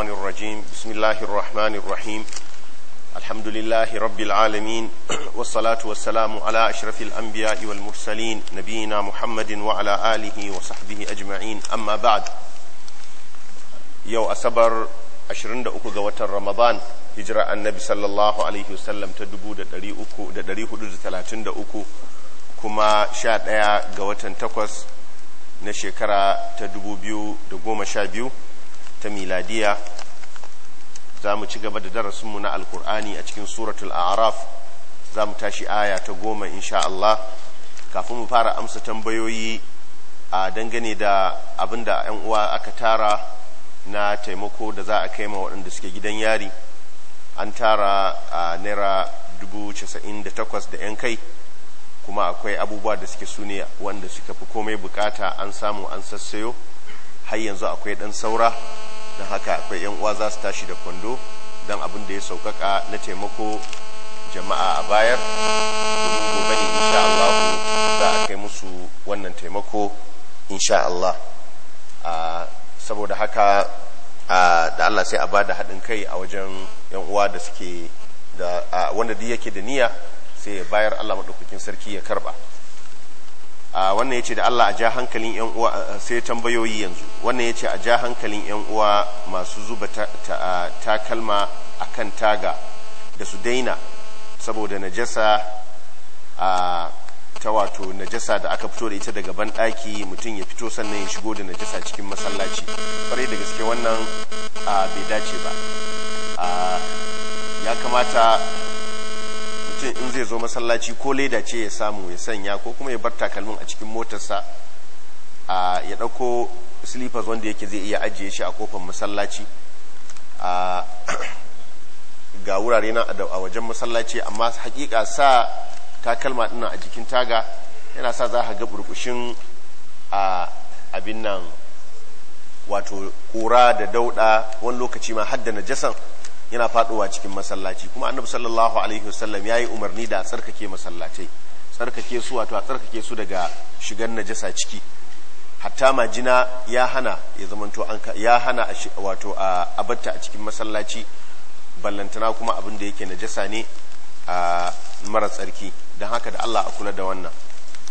الشيطان الرجيم بسم الله الرحمن الرحيم الحمد لله رب العالمين والصلاة والسلام على أشرف الأنبياء والمرسلين نبينا محمد وعلى آله وصحبه أجمعين أما بعد يو أسبر أشرند أكو غوات رمضان هجرة النبي صلى الله عليه وسلم تدبو ددري أكو ددري حدود ثلاثين أكو كما شاد غوات تقوس نشكرا تدبو بيو دقوم شابيو ta miladiya za mu ci gaba da darasinmu na alkur'ani a cikin suratul araf za mu tashi aya ta goma insha Allah kafin mu fara amsa tambayoyi a dangane da abin da 'yan uwa aka tara na taimako da za a kai ma waɗanda suke gidan yari an tara a naira 98 da 'yan kai kuma akwai abubuwa da suke su ne wanda suka fi komai bukata an samu an sassayo har yanzu akwai ɗan saura don haka akwai yan uwa za su tashi da kwando don abin da ya saukaka na taimako jama'a a bayar domin gobe ne insha Allah za a kai musu wannan taimako insha Allah saboda haka da Allah sai a ba da haɗin kai a wajen yan uwa da suke wanda duk yake da niyya sai bayar Allah maɗaukakin sarki ya karɓa Ah, wannan ya ce da Allah a ja hankalin yan uwa ah, sai tambayoyi yanzu wannan ya ce a ja hankalin yan uwa masu zuba ah, takalma a kan taga da su daina saboda najasa a ta wato najasa da aka fito da ita daga banɗaki mutum ya fito sannan ya shigo da najasa cikin masallaci kwarai da gaske wannan bai dace ba ya kamata mutum in zai zo masallaci ko leda ce ya samu ya sanya ko kuma ya bar takalmin a cikin motarsa a ya ɗauko slippers wanda yake zai iya ajiye shi a kofar masallaci a ga wurare na a wajen masallaci amma hakika sa takalma ɗina a jikin taga yana sa za ka ga burbushin a abin nan wato ƙura da dauɗa wani lokaci ma hadda da yana faɗowa cikin masallaci kuma annabi sallallahu alaihi wasallam yayi umarni da tsarkake masallatai tsarkake su wato a tsarkake su daga shigan najasa ciki hatta majina ya hana ya zamanto an ya hana wato a abatta a cikin masallaci ballantana kuma abin da yake najasa ne a mara tsarki don haka da Allah a kula da wannan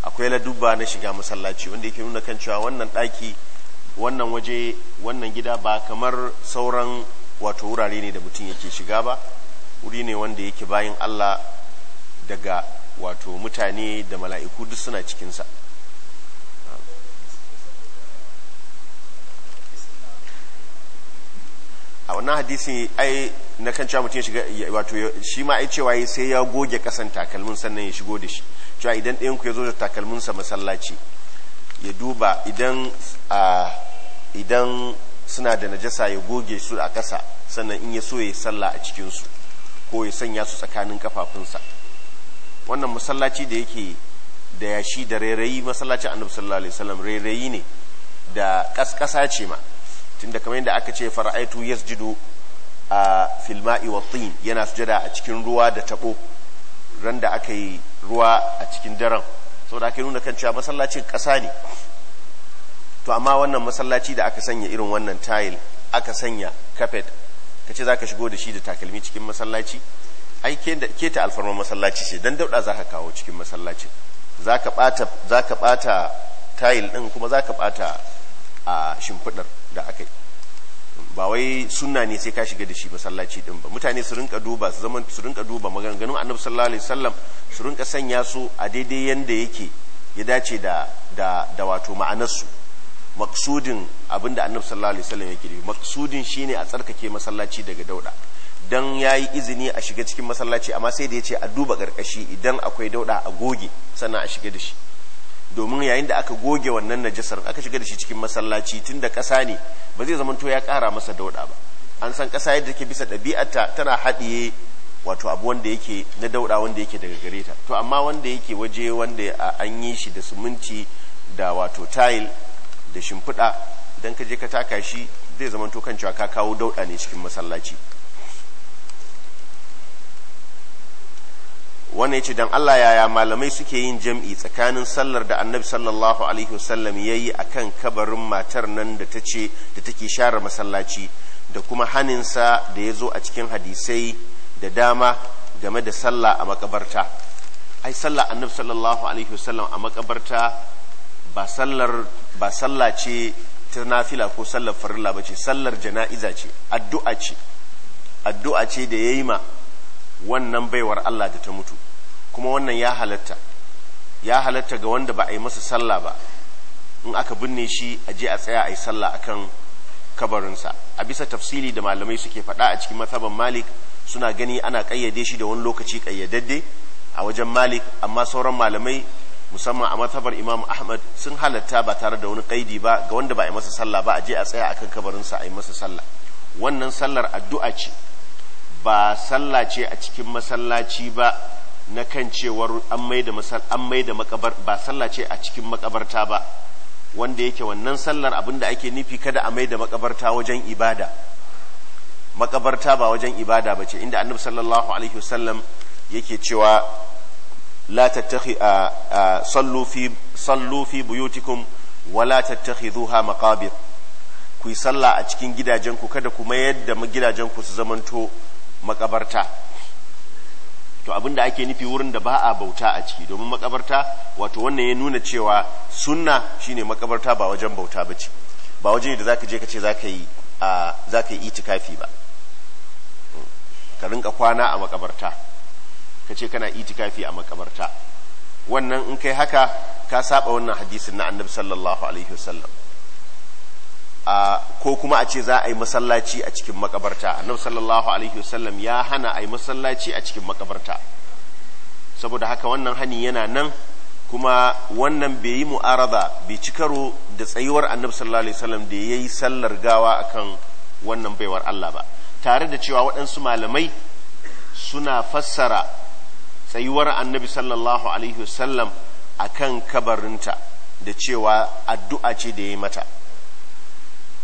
akwai ladubba na shiga masallaci wanda yake nuna kan cewa wannan ɗaki wannan waje wannan gida ba kamar sauran wato wurare ne da mutum yake shiga ba wuri ne wanda yake bayan Allah daga wato mutane da mala'iku duk suna cikinsa a wannan hadisi ai na kan cewa mutum shiga wato shi ma ai cewa sai ya goge kasan takalmin sannan ya shigo da shi cewa idan ɗayan ku ya zo da takalminsa masallaci ya duba idan idan suna da najasa ya goge su a ƙasa sannan in ya so ya sallah a cikinsu ko ya sanya su tsakanin kafafunsa wannan masallaci da yake da yashi da rairayi masallacin annabi sallallahu alaihi wasallam rairayi ne da ƙasƙasa ce ma tunda kamar da aka ce fara'aitu yasjudu a filma'i wa tin yana sujada a cikin ruwa da taɓo ran da aka yi ruwa a cikin daren saboda aka nuna kan cewa masallacin ƙasa ne to amma wannan masallaci da aka sanya irin wannan tayil aka sanya carpet ka ce za ka shigo da shi da takalmi cikin masallaci ai ke ta alfarmar masallaci ce don dauɗa za ka kawo cikin masallaci. za ka ɓata tayil ɗin kuma za ka ɓata a shimfiɗar da aka yi ba wai suna ne sai ka shiga da shi masallaci ɗin ba mutane su rinka duba su zama su rinka duba maganganun annabi sallallahu alaihi wasallam su rinka sanya su a daidai yanda yake ya dace da da wato su maksudin abinda annabi sallallahu alaihi wasallam yake yi maksudin shine a tsarkake masallaci daga dauda dan yayi izini a shiga cikin masallaci amma sai da yace a duba karkashi idan akwai dauda a goge sannan a shiga da shi domin yayin da aka goge wannan najasar aka shiga da shi cikin masallaci tunda kasa ne ba zai zama to ya kara masa dauda ba an san kasa yadda take bisa dabi'arta tana haɗiye wato abu wanda yake na dauda wanda yake daga gareta to amma wanda yake waje wanda an yi shi da suminti da wato tile da shimfiɗa don ka je ka taka shi zai zama to kan cewa ka kawo dauɗa ne cikin masallaci wannan ya ce don Allah yaya malamai suke yin jam'i tsakanin sallar da annabi sallallahu alaihi wasallam ya yi a kan kabarin matar nan da ta ce da take share masallaci da kuma haninsa da ya zo a cikin hadisai da dama game da sallah a makabarta ai sallah annabi sallallahu alaihi wasallam a makabarta ba sallar salla ce ta nafila ko sallar farilla ba ce sallar jana'iza ce addu'a ce addu'a ce da ya yi ma wannan baiwar Allah da ta mutu kuma wannan ya halatta ya halatta ga wanda ba a yi masa sallah ba in aka binne shi a je a tsaya a yi sallah kan kabarinsa a bisa tafsili da malamai suke faɗa a cikin mazhaban malik suna gani ana ƙayyade shi da wani lokaci ƙayyadadde a wajen malik amma sauran malamai musamman a matabar imam ahmad sun halatta ba tare da wani kaidi ba ga wanda ba a yi masa sallah ba a je a tsaya a kan kabarinsa a yi masa sallah wannan sallar addu'a ce ba sallah ce a cikin masallaci ba na kan cewar an mai da makabar ba sallah ce a cikin makabarta ba wanda yake wannan sallar abin da ake nufi kada a mai da makabarta wajen ibada makabarta ba wajen ibada ba ce inda annabi sallallahu alaihi wasallam yake cewa لا تتخي صلوا في صلوا في بيوتكم ولا تتخذوها مقابر ku yi sallah a cikin gidajenku kada ku mayar da gidajenku su zamanto makabarta to abinda ake nufi wurin da ba a bauta a ciki domin makabarta wato wannan ya nuna cewa sunna shine makabarta ba wajen bauta bace ba wajen da zaka je ka ce zaka yi zaka yi itikafi ba ka rinka kwana a makabarta ka ce kana itikafi a makabarta wannan in kai haka ka saba wannan hadisin na annabi sallallahu alaihi wasallam a ko kuma a ce za a yi masallaci a cikin makabarta annabi sallallahu alaihi wasallam ya hana a yi masallaci a cikin makabarta saboda haka wannan hani yana nan kuma wannan bai yi mu'arada bai ci da tsayuwar annabi sallallahu alaihi wasallam da yayi sallar gawa akan wannan baiwar Allah ba tare da cewa waɗansu malamai suna fassara tsayuwar annabi sallallahu alaihi wasallam a kan kabarinta da cewa addu'a ce da ya mata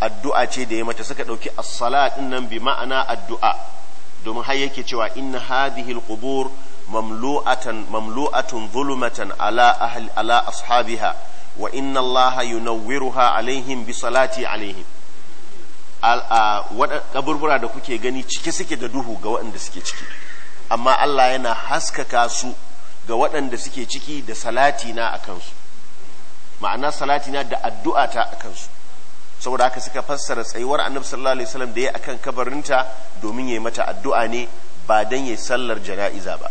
addu'a ce da ya mata suka ɗauki as-salat nan bi ma'ana addu'a domin har yake cewa inna hadhihi al-qubur mamlu'atan mamlu'atun zulumatan ala ahli ala ashabiha wa inna allaha yunawwiruha alaihim bi salati alaihim al kaburbura da kuke gani cike suke da duhu ga waɗanda suke ciki amma Allah yana haskaka su ga waɗanda suke ciki da salatina a kansu ma'ana salatina da addu'a ta a kansu saboda haka suka fassara tsayuwar annabi sallallahu alaihi wasallam da ya akan kabarinta domin yayi mata addu'a ne ba dan yayi sallar jana'iza ba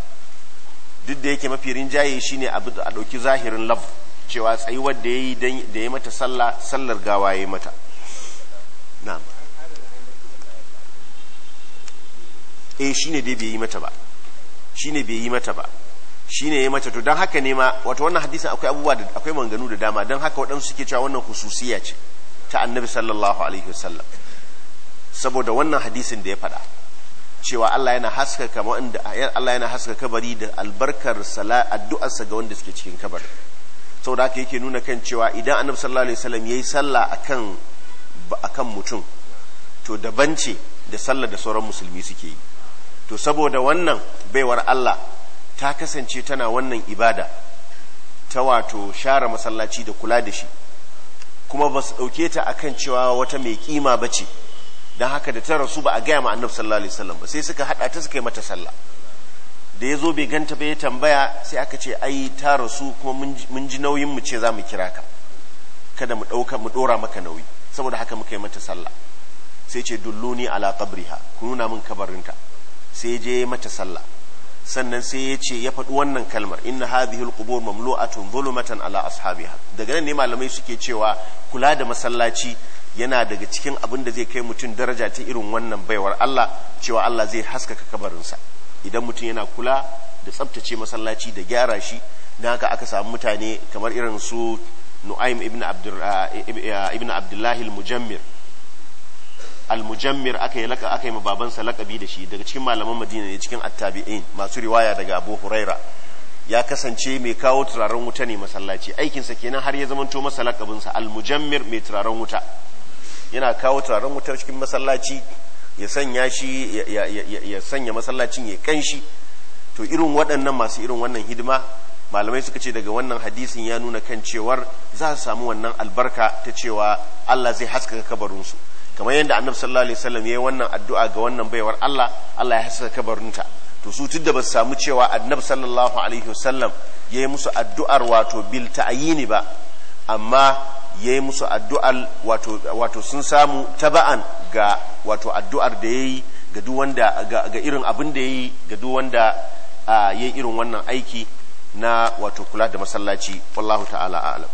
duk da yake mafi rinjaye shine abu a ɗauki zahirin laf cewa tsayuwar da ya dan da yayi mata sallah sallar gawa ya mata na'am eh shine dai bai yi mata ba shine bai yi mata ba shine ya mata to don haka ne ma wato wannan hadisin akwai abubuwa da akwai manganu da dama don haka waɗansu suke cewa wannan hususiya ce ta annabi sallallahu alaihi wasallam saboda wannan hadisin da ya faɗa cewa Allah yana haskaka wanda Allah yana haskaka kabari da albarkar sala addu'ar sa ga wanda suke cikin kabari saboda haka yake nuna kan cewa idan annabi sallallahu alaihi wasallam yayi sallah akan akan mutum to daban ce da sallar da sauran musulmi suke yi to saboda wannan baiwar Allah ta kasance tana wannan ibada ta wato share masallaci da kula da shi kuma ba su ɗauke ta akan cewa wata mai kima ba ce don haka da ta rasu ba a gaya ma annabi sallallahu alaihi wasallam ba sai suka haɗa ta suka yi mata sallah da ya zo bai ganta ba ya tambaya sai aka ce ai ta rasu kuma mun ji nauyin mu ce za mu kira ka kada mu ɗauka mu ɗora maka nauyi saboda haka muka yi mata sallah sai ce dulluni ala qabriha ku nuna min kabarinta sai je mata sallah sannan sai ya ce ya faɗi wannan kalmar inna hadhihi alqubur mamlu'atun zulumatan ala ashabiha daga nan ne malamai suke cewa kula da masallaci yana daga cikin abin da zai kai mutum daraja ta irin wannan baiwar Allah cewa Allah zai haskaka kabarinsa idan mutum yana kula da tsabtace masallaci da gyara shi dan haka aka samu mutane kamar irin su Nu'aym ibn Abdur ah, ibn Abdullah al-Mujammir al-mujammir aka yi laka aka yi babansa lakabi da shi daga cikin malaman madina ne cikin attabi'in masu riwaya daga abu huraira ya kasance mai kawo turaren wuta ne masallaci aikinsa kenan har ya zamanto masa lakabin al-mujammir mai turaren wuta yana kawo turaren wuta cikin masallaci ya sanya shi ya sanya masallacin ya kanshi to irin waɗannan masu irin wannan hidima malamai suka ce daga wannan hadisin ya nuna kan cewar za su samu wannan albarka ta cewa Allah zai haskaka kabarinsu kamar yadda annabi sallallahu alaihi wasallam yayi wannan addu'a ga wannan baiwar Allah Allah ya haska kabarinta to su tunda ba su samu cewa annabi sallallahu alaihi wasallam yayi musu addu'ar wato bil ta'yini ba amma yayi musu addu'ar wato wato sun samu taba'an ga wato addu'ar da yayi ga duk wanda ga, irin abin da yayi ga duk wanda yayi irin wannan aiki na wato kula da masallaci wallahu ta'ala a'lam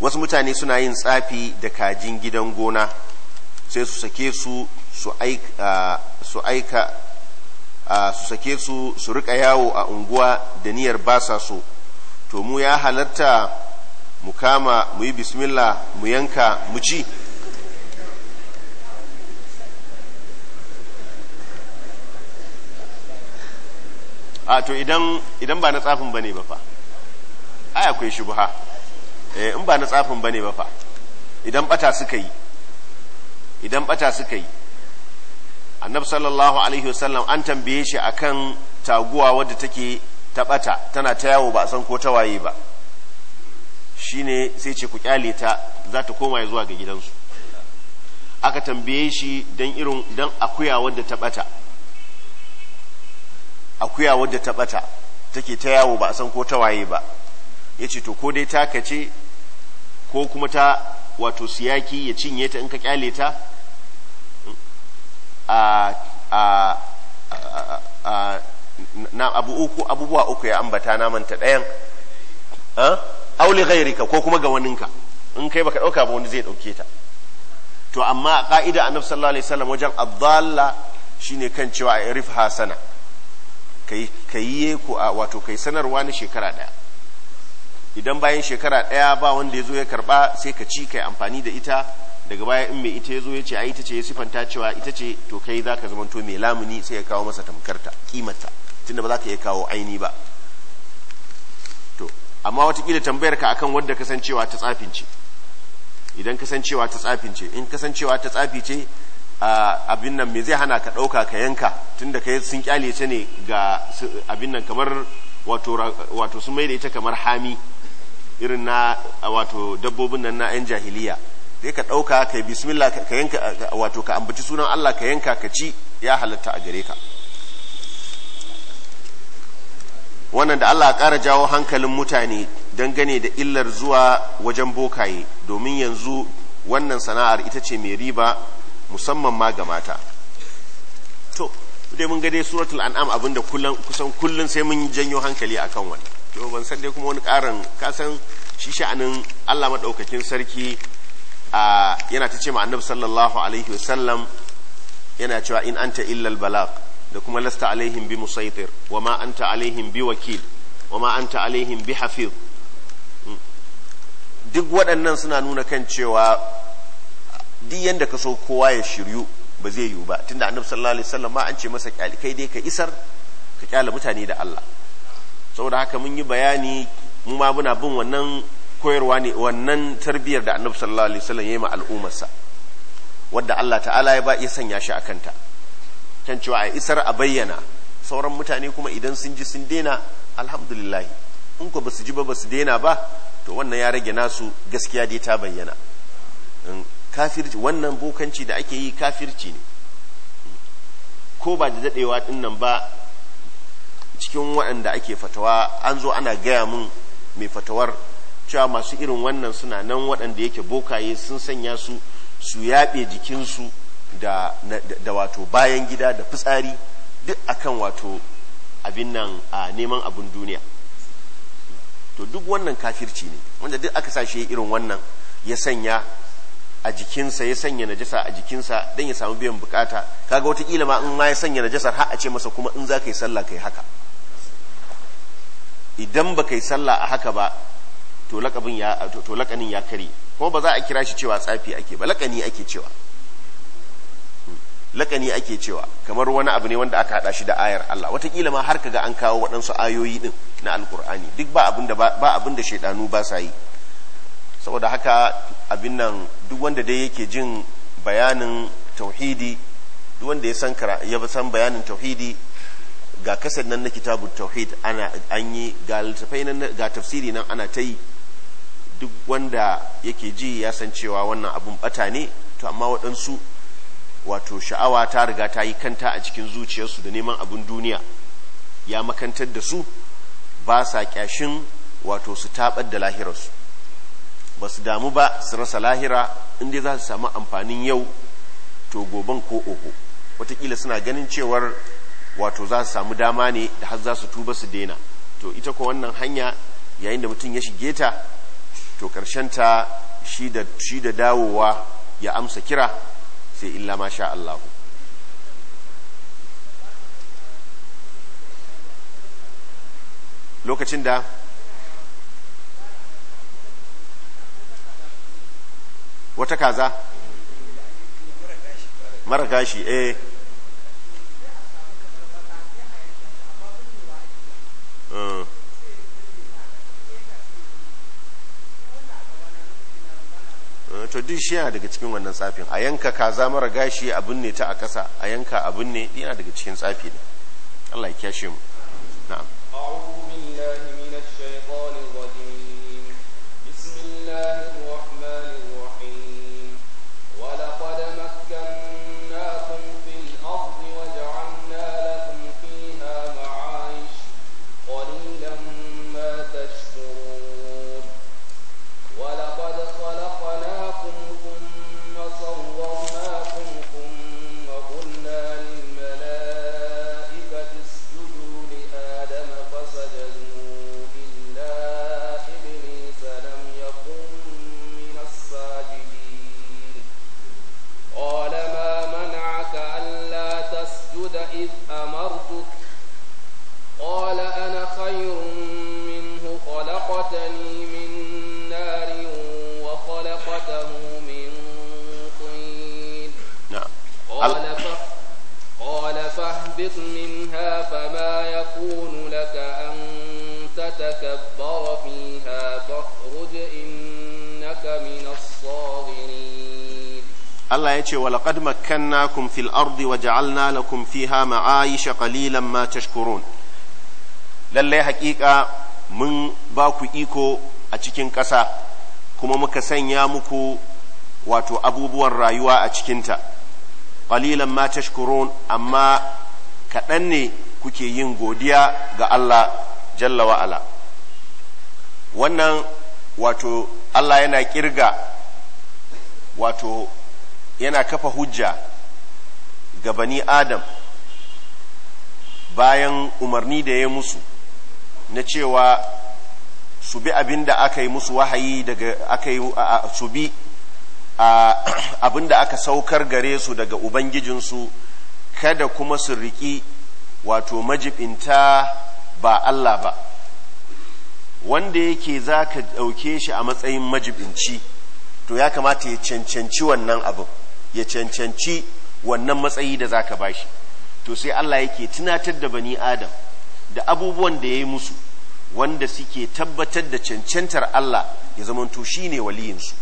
wasu mutane suna yin tsafi da kajin gidan gona sai su sake su su aika su sake su su rika yawo a unguwa da niyyar ba sa so to mu ya halatta mu kama mu yi bismillah mu yanka mu ci a to idan ba na tsafin ba ne ba fa ai akwai shubha Eh, in ba na tsafin bane ba fa idan bata suka yi idan bata suka yi annabi sallallahu alaihi wasallam an tambaye shi akan taguwa wadda take ta bata tana ta yawo ba san ko ta waye ba shine sai ce ku kyale ta za ta koma zuwa ga gidansu aka tambaye shi dan irin dan akuya wadda ta bata akuya wadda ta bata take ta yawo ba san ko ta waye ba yace to ko dai ta kace ko kuma ta wato siyaki ya cinye ta in ka kyale ta a abubuwa uku ya ambata naman ta ɗayan auli ghairika ko kuma ga waninka in kai baka ɗauka ba wani zai ɗauke ta to amma ka'ida a nafsar lalai salam wajen abdalla shine kan cewa a irif hasana ka yi ku a wato kai sanarwa na shekara ɗaya idan bayan shekara ɗaya ba wanda ya zo ya karɓa sai ka ci kai amfani da ita daga baya in mai ita ya zo ya ce a ita ce ya sifanta cewa ita ce to kai za ka zamanto mai lamuni sai ya kawo masa tamkarta kimata tunda ba za ka iya kawo aini ba to amma watakila tambayar ka akan wadda kasancewa ta tsafin ce idan kasancewa ta tsafin ce in kasancewa ta tsafi ce abin nan me zai hana ka ɗauka ka yanka tunda kai sun kyale ta ne ga abin nan kamar wato sun mai da ita kamar hami irin na wato dabbobin nan na 'yan jahiliya sai ka ɗauka ka yi bismillah ka yanka wato ka ambaci sunan Allah ka yanka ka ci ya halatta a gare ka wannan da Allah ƙara jawo hankalin mutane dangane da illar zuwa wajen bokaye domin yanzu wannan sana'ar ita ce mai riba musamman ma ga mata to dai mun ga dai suratul an'am abinda kusan kullun sai mun janyo hankali akan wannan to ban san dai kuma wani karin kasan shi sha'anin Allah madaukakin sarki a yana ta ce ma annabi sallallahu alaihi wasallam yana cewa in anta illa albalagh da kuma lasta alaihim bi musaitir wa ma anta alaihim bi wakil wa ma anta alaihim bi hafiz duk waɗannan suna nuna kan cewa duk yanda ka so kowa ya shiryu ba zai yiwu ba tunda annabi sallallahu alaihi wasallam ma an ce masa kai dai ka isar ka kyale mutane da Allah saboda haka mun yi bayani mu ma muna bin wannan koyarwa ne wannan tarbiyyar da annabi sallallahu alaihi wasallam yayi ma al'ummarsa wadda Allah ta'ala ya ba ya sanya shi akanta kan cewa a isar a bayyana sauran mutane kuma idan sun ji sun daina alhamdulillah in ko basu ji ba basu daina ba to wannan ya rage nasu gaskiya dai ta bayyana kafirci wannan bokanci da ake yi kafirci ne ko ba da dadewa dinnan ba cikin waɗanda ake fatawa an zo ana gaya mun mai fatawar cewa masu irin wannan suna nan waɗanda yake bokaye sun sanya su su yaɓe jikinsu da, da, wato bayan gida da fitsari duk akan wato abin nan a neman abin duniya to duk wannan kafirci ne wanda duk aka sashe irin wannan ya sanya a jikinsa ya sanya najasa a jikinsa don ya samu biyan bukata kaga watakila ma in ma ya sanya najasar har a ce masa kuma in za ka yi sallah ka yi haka idan ba kai sallah a haka ba to lakabin ya to lakanin ya kare kuma ba za a kira shi cewa tsafi ake ba lakani ake cewa lakani ake cewa kamar wani abu ne wanda aka hada shi da ayar Allah watakila ma har kaga an kawo waɗansu ayoyi din na alkur'ani duk ba abin da ba abin da ba sa yi saboda haka abin nan duk wanda dai yake jin bayanin tauhidi duk wanda ya san ya san bayanin tauhidi ga kasar nan na kitabun tauhid ana an yi ga littafai nan ga tafsiri nan ana ta yi duk wanda yake ji ya san cewa wannan abun bata ne to amma waɗansu wato sha'awa ta riga ta yi kanta a cikin zuciyarsu da neman abun duniya ya makantar da su ba sa kyashin wato su taɓar da lahirarsu ba su damu ba su rasa lahira inda za su samu amfanin yau to goban ko oho watakila suna ganin cewar wato za su samu dama ne da har za su tuba su daina to ita ko wannan hanya yayin da mutum ya shige ta to ta shi da shi da dawowa ya amsa kira sai illa ma sha Allah lokacin da wata kaza mara gashi eh Uh. Uh, to duk shi yana daga cikin wannan tsafin a yanka kaza mara gashi abin ne ta a kasa a yanka abin ne yana daga cikin tsafi ne Allah ya kyashe mu na'am ce wa laqad makkannakum fil ardi wa ja'alna lakum fiha ma'aisha qalilan ma tashkurun lallai hakika mun ba ku iko a cikin ƙasa kuma muka sanya muku wato abubuwan rayuwa a cikinta qalilan ma tashkurun amma kaɗan ne kuke yin godiya ga Allah jalla ala wannan wato Allah yana kirga wato yana kafa hujja ga bani adam bayan umarni da ya musu na cewa su bi abin da aka yi musu wahayi daga aka yi su bi abin da aka saukar gare su daga ubangijinsu kada kuma su riƙi wato majibinta ba Allah ba wanda yake za ka ɗauke shi a matsayin majibinci to ya kamata ya cancanci wannan abin ya cancanci wannan matsayi da za ka ba shi to sai Allah yake tunatar da bani adam da abubuwan da ya yi musu wanda suke tabbatar da cancantar Allah ya zamanto ne waliyinsu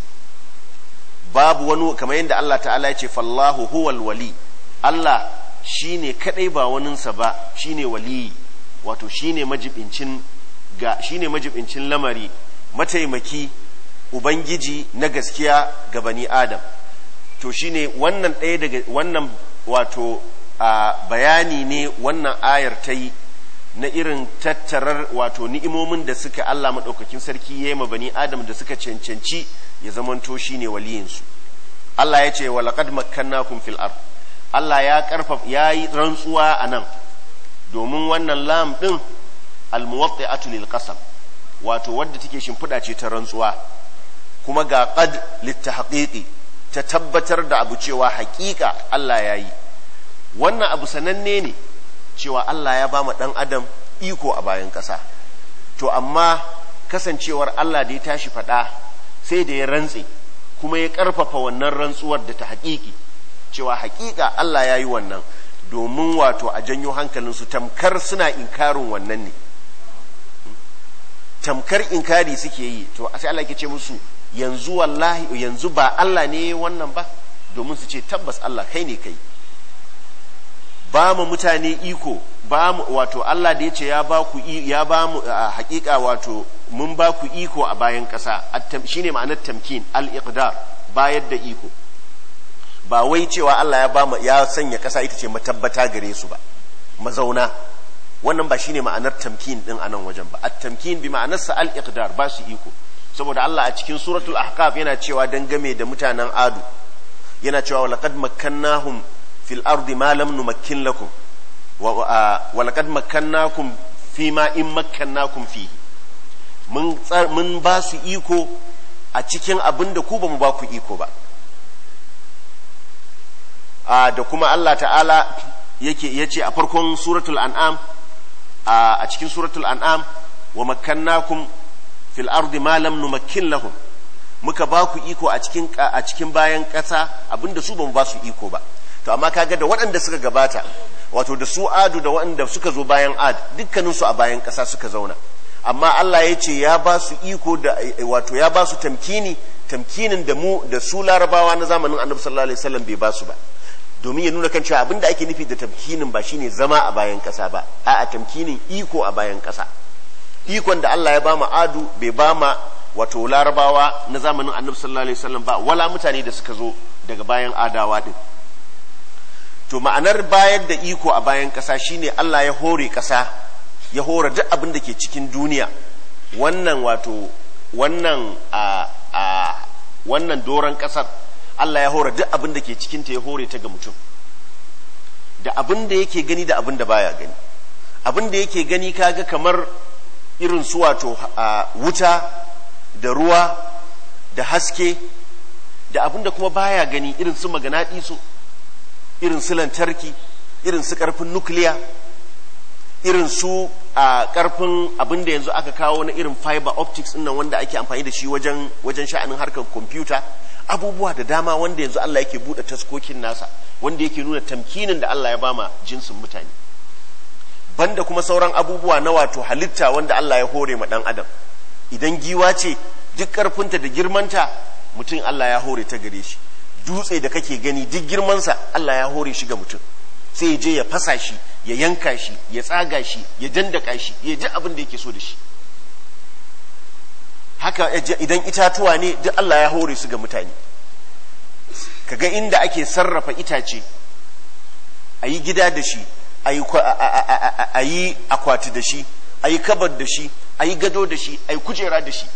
babu wani kamar yadda Allah ta'ala ya ce fallahu huwal wali Allah ne kadai ba waninsa ba shi ne waliyi wato shi majibincin majibincin lamari mataimaki ubangiji na gaskiya ga bani adam to shi ne wannan ɗaya daga wannan wato a bayani ne wannan ayar ta yi na irin tattarar wato ni'imomin da suka Allah maɗaukakin sarki ya yi ma bani Adam da suka cancanci ya zamanto shi ne waliyinsu Allah ya ce walaƙad makkannakum kun fil'ar Allah ya ƙarfaf ya yi rantsuwa a nan domin wannan lam ɗin a lil qasam wato wadda take shimfiɗa ce ta rantsuwa kuma ga ƙad ta tabbatar da abu cewa hakika Allah ya yi wannan abu sananne ne cewa Allah ya ba mu ɗan adam iko a bayan ƙasa to amma kasancewar Allah da ya tashi faɗa sai da ya rantse kuma ya ƙarfafa wannan rantsuwar da ta haƙiƙi cewa haƙiƙa Allah ya yi wannan domin wato a janyo hankalinsu tamkar suna inkarin wannan ne tamkar inkari suke yi to sai Allah ke ce musu yanzu wallahi yanzu ba Allah ne wannan ba domin su ce tabbas Allah kai ne kai ba mu mutane iko ba mu wato Allah da ya ce ya ba ku ya ba mu hakika wato mun ba ku iko a bayan ƙasa shine ma'anar tamkin al-iqdar bayar da iko ba wai cewa Allah ya ba mu ya sanya ƙasa ita ce matabbata gare su ba mazauna wannan ba shine ma'anar tamkin ɗin a nan wajen ba at-tamkin bi ma'anarsa al-iqdar ba su iko saboda Allah a cikin suratul ahqaf yana cewa dangame da mutanen adu yana cewa walaqad makkannahum fil ardi ma lam numakkin lakum wa walaqad makkannakum fima in makkannakum fi mun mun ba su iko a cikin abin ku ba mu ba ku iko ba a da kuma Allah ta'ala yake yace a farkon suratul an'am a cikin suratul an'am wa makkannakum fil ardi ma lam numakkin lahum muka ba ku iko a cikin a cikin bayan ƙasa abinda su bamu ba su iko ba to amma kaga da waɗanda suka gabata wato da su adu da waɗanda suka zo bayan ad dukkanin su a bayan ƙasa suka zauna amma Allah ya ce ya ba su iko da wato ya ba su tamkini tamkinin da mu da su larabawa na zamanin annabi sallallahu alaihi wasallam bai ba su ba domin ya nuna kan cewa abinda ake nufi da tamkinin ba shine zama a bayan ƙasa ba a'a tamkinin iko a bayan ƙasa ikon da Allah ya ba mu adu bai ba ma wato larabawa na zamanin annabi sallallahu alaihi wasallam ba wala mutane da suka zo daga bayan adawa din to ma'anar bayar da iko a bayan ƙasa shine Allah ya hore ƙasa ya hore duk abin da ke cikin duniya wannan wato wannan a a wannan doron ƙasar Allah ya hore duk abin da ke cikin ta ya hore ta ga mutum da abin da yake gani da abin da baya gani abin da yake gani kaga kamar irin su wato wuta da ruwa da haske da abin kuma baya gani irin su maganaɗisu irin su lantarki irin su ƙarfin nukiliya irin su a ƙarfin abinda da yanzu aka kawo na irin fiber optics nan wanda ake amfani da shi wajen wajen sha'anin harkar kwamfuta abubuwa da dama wanda yanzu Allah yake buɗe taskokin nasa wanda yake nuna tamkinin da Allah ya bama jinsin mutane banda kuma sauran abubuwa na wato halitta wanda Allah ya hore ma dan adam idan giwa ce duk karfinta da girmanta mutum Allah ya hore ta gare shi dutse da kake gani duk girmansa Allah ya hore shi ga mutum sai ya je ya fasa shi ya yanka shi ya tsaga shi ya dandaka shi ya ji abin da yake so da shi haka idan itatuwa ne duk Allah ya hore su ga mutane kaga inda ake sarrafa itace a yi gida da shi a yi akwati da shi a yi kabar da shi a yi gado da shi a yi kujera da shi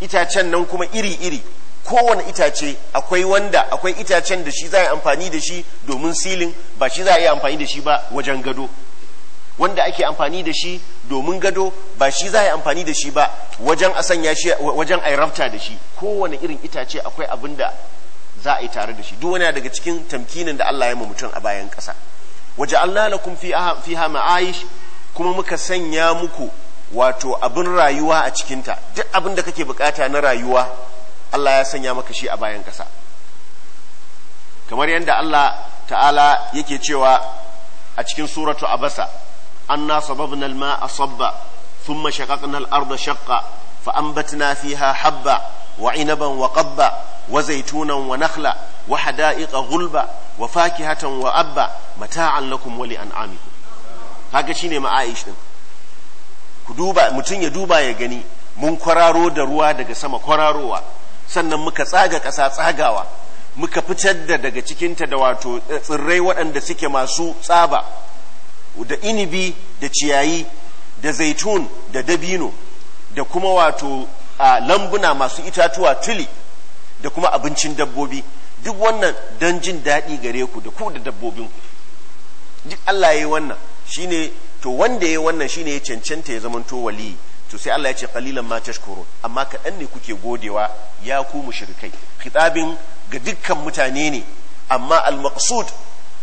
itacen nan kuma iri-iri kowane itace akwai wanda akwai itacen da shi za a yi amfani da shi domin silin ba shi za a yi amfani da shi ba wajen gado wanda ake amfani da shi domin gado ba shi za a yi amfani da shi ba wajen a sanya shi wajen a rafta da shi kowane irin itace akwai abin da za a yi tare da shi duk wani daga cikin tamkinin da Allah ya mu mutum a bayan ƙasa waje lakum fiha ma'aish kuma muka sanya muku wato abin rayuwa a cikinta duk abin da kake bukata na rayuwa Allah ya sanya maka shi a bayan ƙasa kamar yadda Allah ta'ala yake cewa a cikin suratu abasa anna sababna al-ma'a sabba thumma shaqaqna arda shaqqa fa anbatna fiha habba wa وعنبا وقبا وزيتونا ونخلا وحدائق wa abba وأبا متاعا لكم ولأنعامكم kaga shine ma'aish din ku duba mutum ya duba ya gani mun kwararo da ruwa daga sama kwararowa sannan muka tsaga ƙasa tsagawa muka fitar da daga cikinta da wato tsirrai waɗanda suke masu tsaba da inibi da ciyayi da zaitun da dabino da kuma wato A lambuna masu itatuwa tuli da kuma abincin dabbobi duk wannan don jin daɗi gare ku da ku da dabbobinku duk Allah ya yi wannan shi ne to wanda ya yi wannan shi ne ya cancanta ya zamanto wali to sai Allah ya ce kalilan ma tashkurun amma kaɗan ne kuke godewa ya ku mushrikai khitabin ga dukkan mutane ne amma al-maqsud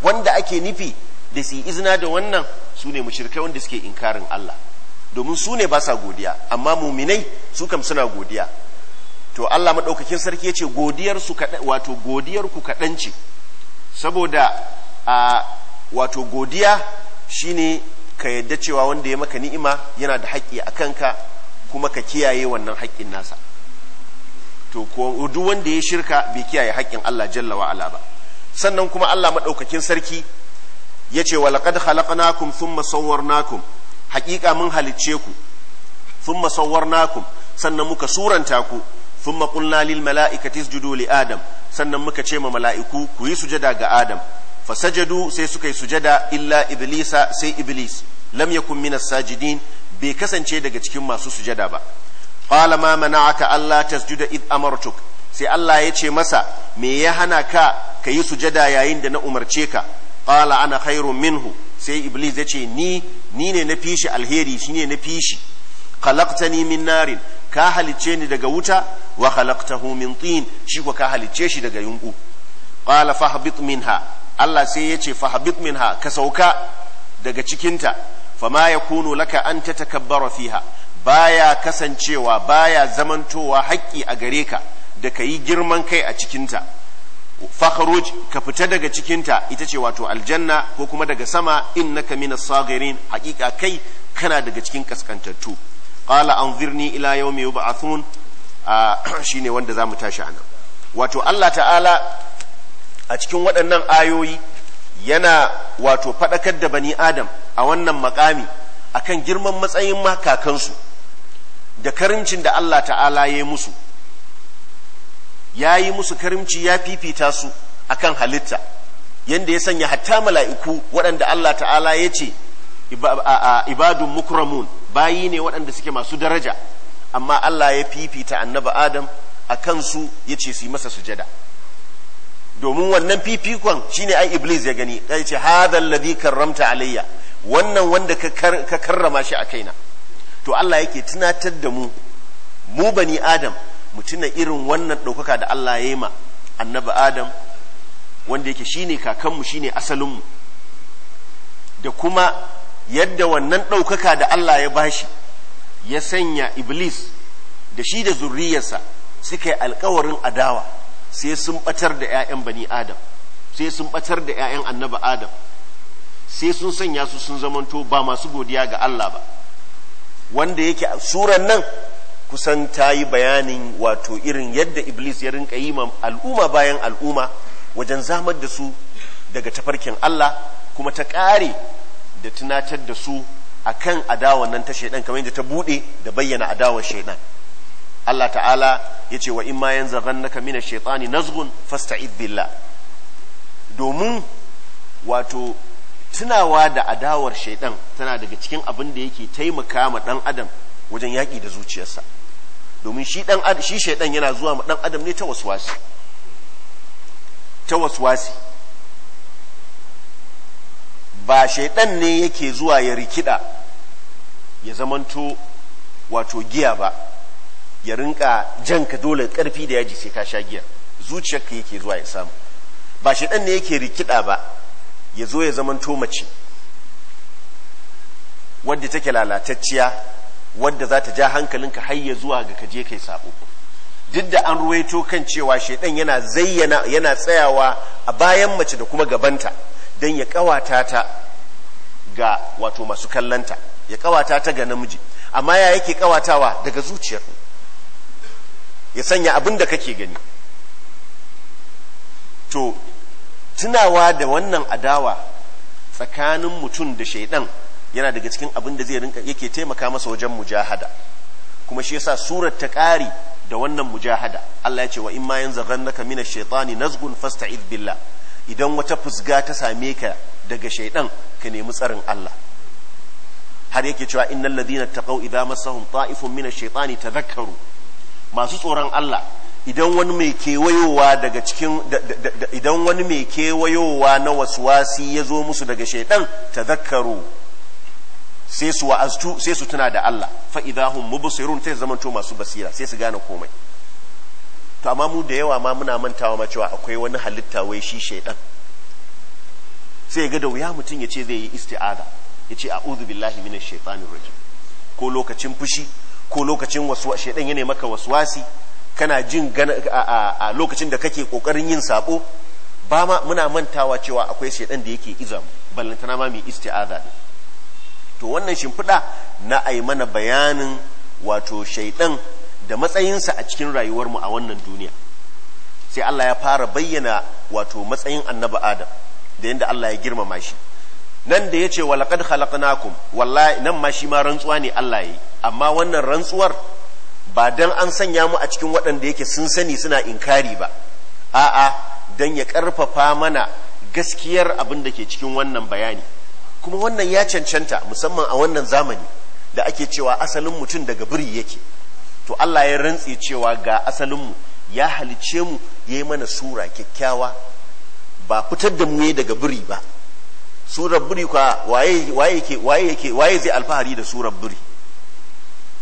wanda ake nufi da su izina da wannan su ne mushrikai wanda suke inkarin Allah domin su ne ba sa godiya amma muminai su kam suna godiya to Allah maɗaukakin sarki ya ce godiyar su wato godiyar ku kaɗan ce saboda a wato godiya shine ka yadda cewa wanda ya maka ni'ima yana da haƙƙi a kanka kuma ka kiyaye wannan haƙƙin nasa to ko duk wanda ya shirka bai kiyaye haƙƙin Allah jalla wa ala ba sannan kuma Allah maɗaukakin sarki ya ce wa laqad khalaqnakum thumma sawwarnakum hakika mun halicce ku thumma sawwarnakum sannan muka suranta ku thumma qulna lil mala'ikati isjudu li adam sannan muka ce ma mala'iku ku yi sujada ga adam fasajadu sai suka yi sujada illa iblisa sai iblis lam yakun minas sajidin bai kasance daga cikin masu sujada ba qala ma mana'aka allah tasjuda id amartuk sai Allah ya ce masa me ya hana ka ka yi sujada yayin da na umarce ka qala ana khairun minhu sai iblis ya ce ni ni ne na fishi alheri shine na fishi khalaqtani min narin ka halicce ni daga wuta wa khalaqtahu min tin shi ko ka halicce shi daga yunku qala fahbit minha Allah sai ya ce fahbit minha ka sauka daga cikinta fama yakunu laka an tatakabbara fiha baya kasancewa baya zamantowa haƙƙi a gare ka da ka yi girman kai a cikinta fakharuj ka fita daga cikinta ita ce wato aljanna ko kuma daga sama innaka minas sagirin hakika kai kana daga cikin kaskantattu qala anzirni ila yawmi yub'athun ah, shine wanda zamu tashi anan wato Allah ta'ala a cikin waɗannan ayoyi yana wato faɗakar da bani adam a wannan makami akan girman matsayin ma kakansu da karincin da Allah ta'ala ya yi musu ya yi musu karimci ya fifita su akan halitta Yadda ya sanya hatta mala'iku waɗanda Allah ta'ala ya ce ibadun mukramun bayi ne waɗanda suke masu daraja amma Allah ya fifita annaba Adam a kansu ya ce su yi masa sujada domin wannan fifikon shine ai iblis ya gani ya ce hadal ladhi karramta alayya wannan wanda ka karrama shi a kaina to Allah yake tunatar da mu mu bani Adam mu irin wannan ɗaukaka da Allah ya yi ma annabi Adam wanda yake shine kakanmu shine asalinmu da kuma yadda wannan ɗaukaka da Allah ya bashi ya sanya Iblis da shi da zurriyarsa suka yi alkawarin adawa sai sun batar da 'ya'yan bani Adam sai sun ɓatar da 'ya'yan annabi Adam sai sun sanya su sun zamanto ba masu godiya ga Allah ba wanda yake suran nan kusan ta yi bayanin wato irin yadda iblis ya rinka yi al'umma bayan al'umma wajen zamar da su daga tafarkin Allah kuma ta ƙare da tunatar da su a kan adawan nan ta shaidan kamar yadda ta buɗe da bayyana adawar shaidan Allah ta'ala ya ce wa in ma yanzu ranaka mina shaitani nazgun fasta'id billah domin wato tunawa da adawar shaidan tana daga cikin abin da yake taimaka ma ɗan adam wajen yaƙi da zuciyarsa domin shi shaiɗan yana zuwa ma ɗan adam ne ta waswasi ta waswasi ba shaiɗan ne yake zuwa ya rikida ya zamanto wato giya ba ya rinka janka dole ƙarfi da yaji sai ka sha giya zuciyarka yake zuwa ya samu ba shaiɗan ne yake rikida ba ya zo ya zamanto mace wadda take lalatacciya wadda za ta ja hankalinka har ya zuwa ga kaje kai sabo duk da an ruwaito kan cewa shaidan yana zayyana yana tsayawa a bayan mace da kuma gabanta don ya kawata ta ga wato masu kallanta ya kawata ta ga namiji amma ya yake kawatawa daga zuciyar ya sanya abin da kake gani to tunawa da wannan adawa tsakanin mutum da shaidan yana daga cikin abin da zai rinka yake taimaka masa wajen mujahada kuma shi yasa surar ta ƙari da wannan mujahada Allah ya ce wa in ma yanzaghannaka mina shaitani nazgun fasta'iz billah idan wata fusga ta same ka daga shaidan ka nemi tsarin Allah har yake cewa innal ladina taqaw idza massahum ta'ifun mina shaitani tadhakkaru masu tsoron Allah idan wani mai kewayowa daga cikin idan wani mai kewayowa na waswasi ya zo musu daga shaidan tazakkaru sai su wa'aztu sai su tuna da Allah fa idahum mubsirun sai zaman to masu basira sai su gane komai to amma mu da yawa ma muna mantawa ma cewa akwai wani halitta wai shi shaidan sai ga da wuya mutum ya ce zai yi isti'ada ya ce a'udhu billahi minash shaitanir rajim ko lokacin fushi ko lokacin wasu shaidan yana maka waswasi kana jin a lokacin da kake kokarin yin sabo ba ma muna mantawa cewa akwai shaidan da yake izamu ballantana ma mai isti'ada ne to wannan shimfiɗa na yi mana bayanin wato shaidan da matsayinsa a cikin rayuwarmu a wannan duniya sai Allah ya fara bayyana wato matsayin annabi Adam da yadda Allah ya girmama shi nan da ya ce walaƙad khalaqnakum wallahi nan ma shi ma rantsuwa ne Allah ya yi amma wannan rantsuwar ba dan an sanya mu a cikin waɗanda yake sun sani suna inkari ba a'a dan ya ƙarfafa mana gaskiyar abin da ke cikin wannan bayani kuma wannan ya cancanta musamman a wannan zamani da ake cewa asalin mutum daga biri yake to Allah ya rantse cewa ga asalinmu ya halice mu ya yi mana sura kyakkyawa ba fitar da mu daga biri ba surar biri kwa waye yake waye zai alfahari da surar biri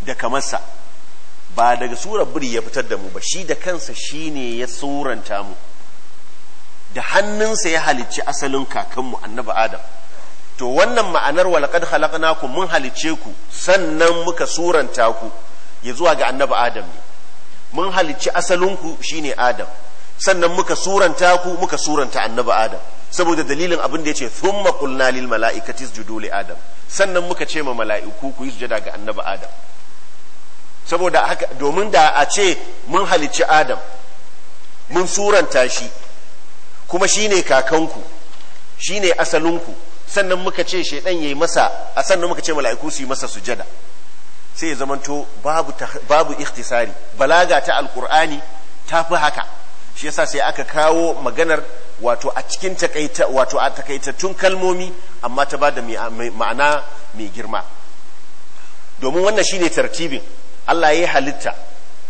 da kamarsa ba daga surar biri ya fitar da mu ba shi da kansa shine ya suranta mu da hannunsa ya halicci asalin kakanmu annabi adam to wannan ma'anar walaqad khalaqnakum mun halice ku sannan muka suranta ku ya zuwa ga annabi adam ne mun halicci asalinku shine adam sannan muka suranta ku muka suranta annabi adam saboda dalilin abin da yace thumma qulna lil malaikati isjudu li adam sannan muka ce ma mala'iku ku yi sujada ga annabi adam saboda haka domin da a ce mun halicci adam mun suranta shi kuma shine kakanku shine asalinku sannan muka ce shaidan yayi masa a sannan muka ce mala'iku su yi masa sujada sai ya zamanto babu babu ikhtisari balaga ta alqur'ani tafi haka shi yasa sai aka kawo maganar wato a cikin takaita wato a takaitattun kalmomi amma ta bada ma'ana mai girma domin wannan shine tartibin Allah ya halitta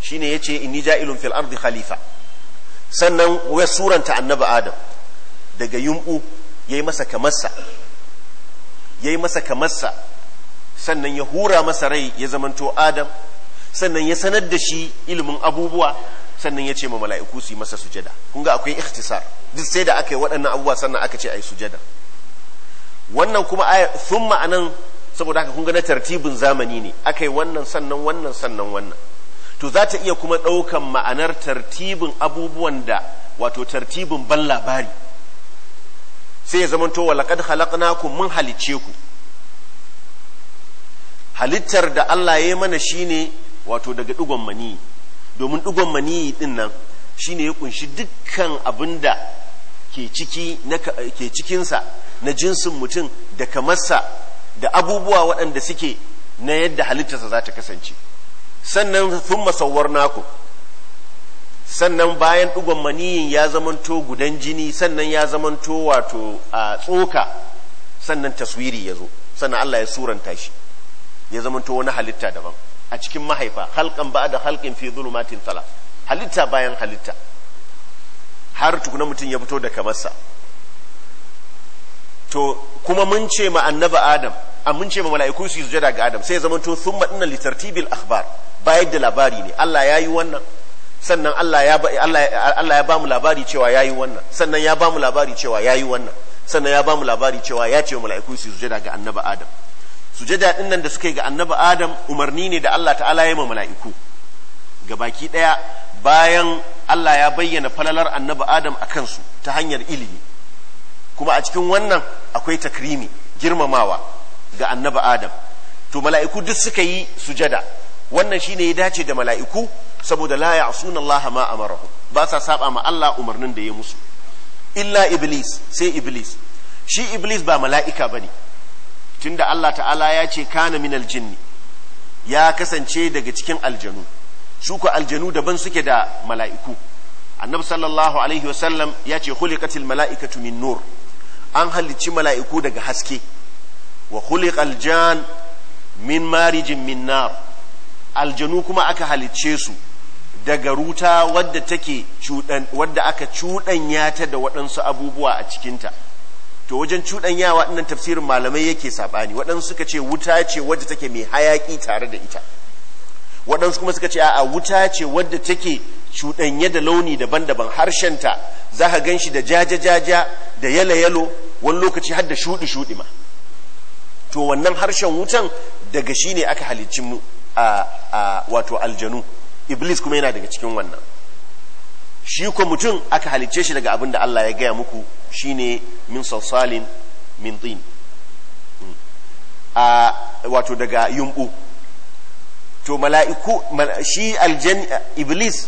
shine yace inni ja'ilun fil ardi khalifa sannan ya suranta annabi adam daga yumbu yayi masa kamarsa ya yi masa kamarsa sannan ya hura masa rai ya zamanto adam sannan ya sanar da shi ilimin abubuwa sannan ya ce ma mala'iku su yi masa sujada kun ga akwai ikhtisar duk sai da aka yi waɗannan abubuwa sannan aka ce a yi sujada wannan kuma aya sun ma'anan saboda haka kun ga na tartibin zamani ne aka yi wannan sannan wannan sannan wannan to za ta iya kuma ɗaukan ma'anar tartibin abubuwan da wato tartibin ban labari sai ya zamanto wa laqad ku mun halicce ku halittar da Allah ya yi mana shine wato daga digon mani domin digon mani ɗin nan shine ya kunshi dukkan abinda ke ke cikinsa na jinsin mutum da kamarsa da abubuwa waɗanda suke na yadda halittarsa za ta kasance sannan sun masauwar naku sannan bayan ɗugon maniyin ya zamanto gudan jini sannan ya zamanto wato a tsoka sannan taswiri ya zo sannan Allah ya suranta shi ya zamanto wani halitta daban a cikin mahaifa halkan ba da halkin fi zulumatin tala halitta bayan halitta har tukuna mutum ya fito da kamarsa to kuma mun ce ma annaba adam a mun ce ma mala'iku su yi ga adam sai ya zamanto sun maɗinan litartibil akhbar bayar da labari ne Allah ya yi wannan sannan Allah ya ba mu labari cewa ya yi wannan sannan ya ba mu labari cewa ya yi wannan sannan ya ba mu labari cewa ya ce mala'iku su sujada ga annaba Adam sujada din nan da suka yi ga annaba Adam umarni ne da Allah ta'ala ya ma mala'iku ga baki ɗaya bayan Allah ya bayyana falalar annaba Adam a kansu ta hanyar ilimi kuma a cikin wannan akwai takrimi girmamawa ga annaba Adam to mala'iku duk suka yi sujada wannan shi ne ya dace da mala'iku saboda la ya'suna Allah ma amarahu ba sa saba ma Allah umarnin da ya musu illa iblis sai iblis shi iblis ba mala'ika bane tunda Allah ta'ala ya ce kana min jinni ya kasance daga cikin aljanu su ku aljanu daban suke da mala'iku annabi sallallahu alaihi ya ce khuliqatil mala'ikatu min nur an halicci mala'iku daga haske wa khuliqal jan min marijin min nar aljanu kuma aka halicce su daga ruta wadda take cudan wadda aka cuɗanya ta da waɗansu abubuwa a cikinta to wajen cuɗanyawa nan tafsirin malamai yake saɓani waɗansu suka ce wuta ce wadda take mai hayaƙi tare da ita waɗansu kuma suka ce a wuta ce wadda take cuɗanya da launi daban-daban harshenta za ka gan shi da jaja-jaja da yalo-yalo wani lokaci har da shuɗi-shuɗi ma to wannan harshen wutan daga shi ne aka halicci mu a wato aljanu iblis kuma yana daga cikin wannan shi ko mutum aka halicce shi daga abin da Allah ya gaya muku shine min salsalin min din hmm. a wato daga yumbu to mala'iku shi aljan iblis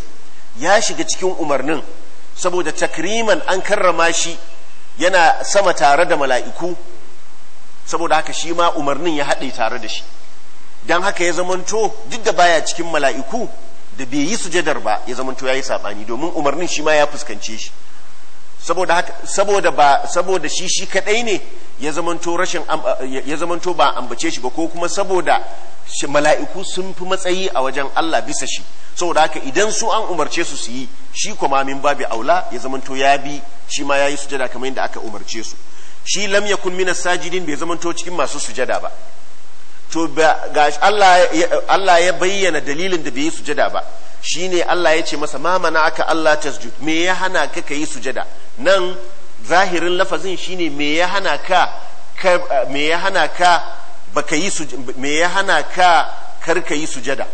ya shiga cikin umarnin saboda takriman an karrama shi yana sama tare da mala'iku saboda haka shi ma umarnin ya haɗe tare da shi don haka ya zamanto duk da baya cikin mala'iku da bai yi sujadar ba ya ya yi sabani domin umarnin shi ma ya fuskance shi saboda haka saboda ba saboda shi shi kadai ne ya zamanto rashin ya zamanto ba ambace shi ba ko kuma saboda mala'iku sun fi matsayi a wajen Allah bisa shi saboda haka idan su an umarce su su yi shi kuma min babi aula ya zamanto ya bi shi ma yayi sujada kamar yadda aka umarce su shi lam yakun mina sajidin bai zamanto cikin masu sujada ba to ga Allah ya bayyana dalilin da bai yi sujada ba shine Allah ya ce masa mamana na aka Allah tasjud me ya hana ka ka yi sujada nan zahirin lafazin shine me ya hana ka me ya hana ka baka yi me ya hana ka kar ka yi sujada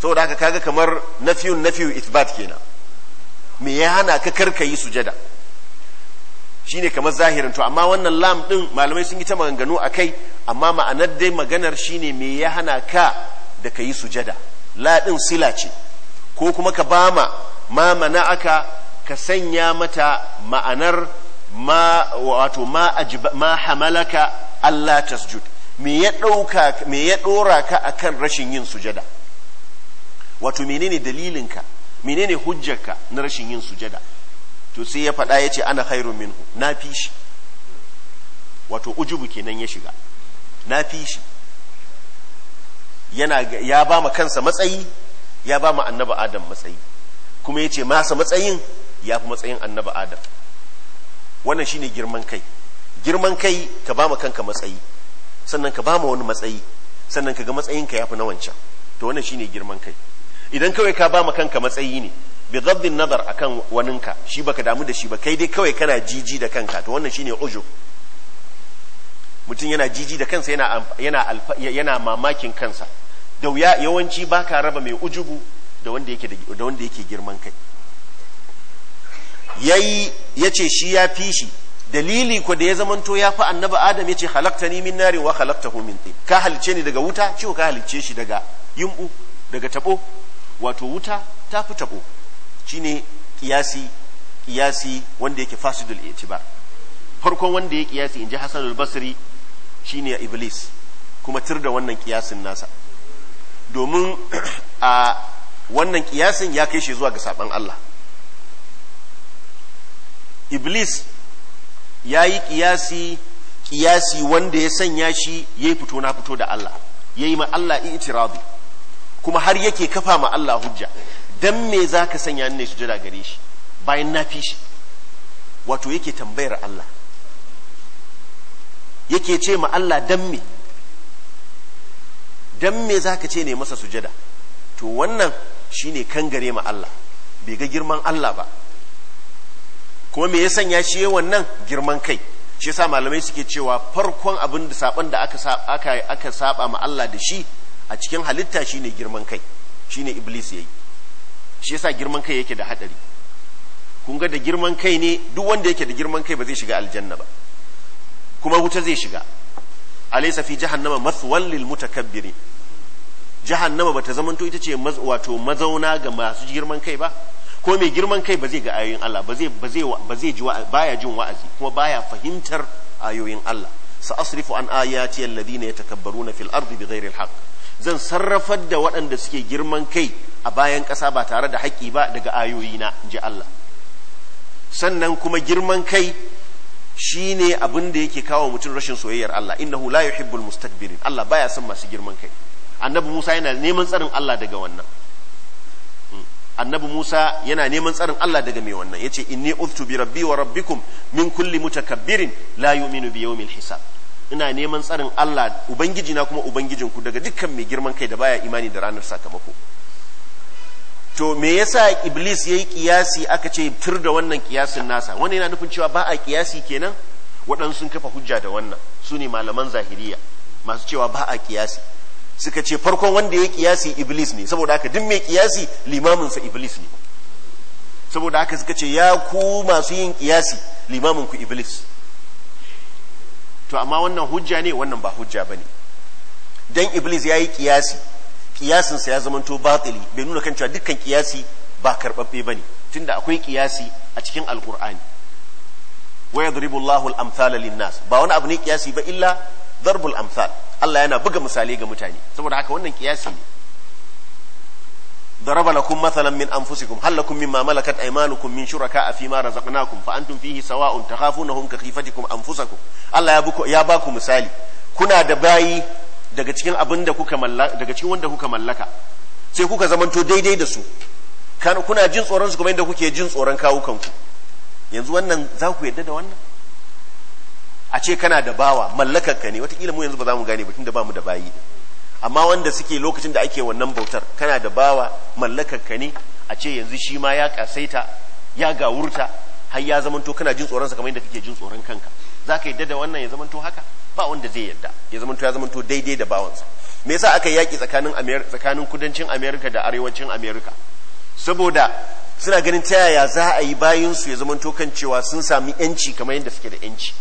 saboda haka kaga kamar nafiyun nafiyu ithbat kenan me ya hana ka kar ka yi sujada Shi ne kamar zahirin to amma wannan lam ɗin, malamai sun yi ta maganganu a kai amma ma'anar dai maganar shi ne, me ya hana ka da ka yi sujada Laɗin sila ce ko kuma ka ba ma mana aka ka sanya mata ma'anar wato ma ma hamalaka Allah tasjud me ya ɗauka me ya ɗora ka akan rashin yin sujada wato menene dalilinka menene hujjarka na rashin yin sujada to sai ya faɗa ya ce ana khairu minhu na fi shi wato ujubu kenan ya shiga na fi shi yana ya ba ma kansa matsayi ya ba ma annaba adam matsayi kuma ya ce masa matsayin ya fi matsayin annaba adam wannan shine girman kai girman kai ka ba ma kanka matsayi sannan ka ba ma wani matsayi sannan ka ga matsayinka ya fi na wancan to wannan shine girman kai idan kawai ka ba ma kanka matsayi ne bi dhabbin nazar akan waninka shi baka damu da shi ba kai dai kawai kana jiji da kanka to wannan shine ujub mutum yana jiji da kansa yana yana yana mamakin kansa da wuya yawanci baka raba mai ujubu da wanda yake da wanda yake girman kai yayi yace shi ya fi shi dalili ko da ya zamanto ya fi annabi adam yace khalaqtani min nari wa khalaqtahu min tin ka halice ni daga wuta ciwo ka halice shi daga yumbu daga tabo wato wuta ta fi tabo shine kiyasi kiyasi wanda yake fasidul itibar farkon wanda ya kiyasi inji Hassan al-Basri shine Iblis kuma tir da wannan kiyasin nasa domin a wannan kiyasin ya kai shi zuwa ga saban Allah Iblis ya yi kiyasi kiyasi wanda ya sanya shi ya fito na fito da Allah ya yi ma Allah itirabi kuma har yake kafa ma Allah hujja dan me za ka sanya ni sujada gare shi bayan na fi shi wato yake tambayar Allah yake ce ma Allah dan me dan me za ka ce ne masa sujada to wannan shi kan kangare ma Allah bai ga girman Allah ba kuma me ya sanya shi wannan girman kai shi sa malamai suke cewa farkon abin da saban da aka aka aka saba ma Allah da shi a cikin halitta shine girman kai shine iblis yayi shi yasa girman kai yake da hadari kun ga da girman kai ne duk wanda yake da girman kai ba zai shiga aljanna ba kuma wuta zai shiga alaysa fi jahannama maswal lil mutakabbirin jahannama bata zamanto ita ce wato mazauna ga masu girman kai ba ko mai girman kai ba zai ga ayoyin Allah ba zai ba zai ba zai ji baya jin wa'azi kuma baya fahimtar ayoyin Allah sa asrifu an ayati alladhina yatakabbaruna fil ardi bighairi alhaq zan sarrafar da waɗanda suke girman kai a bayan ƙasa ba tare da haƙƙi ba daga ayoyina na ji Allah sannan kuma girman kai shi ne abin da yake kawo mutum rashin soyayyar Allah innahu la yuhibbul mustakbirin Allah baya son masu girman kai annabi Musa yana neman tsarin Allah daga wannan hmm. annabi Musa yana neman tsarin Allah daga mai wannan yace inni uftu bi rabbi wa rabbikum min kulli mutakabbirin la yu'minu bi yawmil hisab ina neman tsarin Allah ubangiji na kuma ubangijinku daga dukkan mai girman kai da baya imani da ranar sakamako to me yasa iblis yayi kiyasi aka ce tur da wannan kiyasin nasa wanda yana nufin cewa ba a kiyasi kenan waɗansu sun kafa hujja da wannan su ne malaman zahiriya masu cewa ba a kiyasi suka ce farkon wanda ya kiyasi iblis ne saboda haka duk mai kiyasi limaminsa iblis ne saboda haka suka ce ya ku masu yin kiyasi limamin ku iblis to amma wannan hujja ne wannan ba hujja bane dan iblis yayi kiyasi kiyasinsa ya zamanto batili bai nuna kan cewa dukkan kiyasi ba karɓaɓɓe ba ne tunda akwai kiyasi a cikin alkur'ani wa yadribu Allahu al nas ba wani abu ne kiyasi ba illa darbul amsal Allah yana buga misali ga mutane saboda haka wannan kiyasi ne ضرب لكم مثلا من انفسكم هل لكم مما ملكت ايمانكم shuraka شركاء فيما رزقناكم فانتم فيه سواء تخافونهم كخيفتكم انفسكم الله يا Allah ya baku misali kuna da bayi daga cikin abin da kuka mallaka daga cikin wanda kuka mallaka sai kuka zamanto daidai da su kuna jin tsoron su kuma inda kuke jin tsoron kawo kanku yanzu wannan za ku yadda da wannan a ce kana da bawa mallakar ka ne watakila mu yanzu ba za mu gane ba tunda ba mu da bayi amma wanda suke lokacin da ake wannan bautar kana da bawa mallakar ka ne a ce yanzu shi ma ya kasaita ya gawurta har ya zamanto kana jin tsoron sa kamar yadda kake jin tsoron kanka za ka yadda da wannan ya zamanto haka ba wanda zai yarda ya zama ya zama to daidai da bawansa me yasa aka yaki tsakanin america tsakanin kudancin america da arewacin america saboda suna ganin ta yaya za a yi bayan su ya zama kan cewa sun sami yanci kamar yadda suke da yanci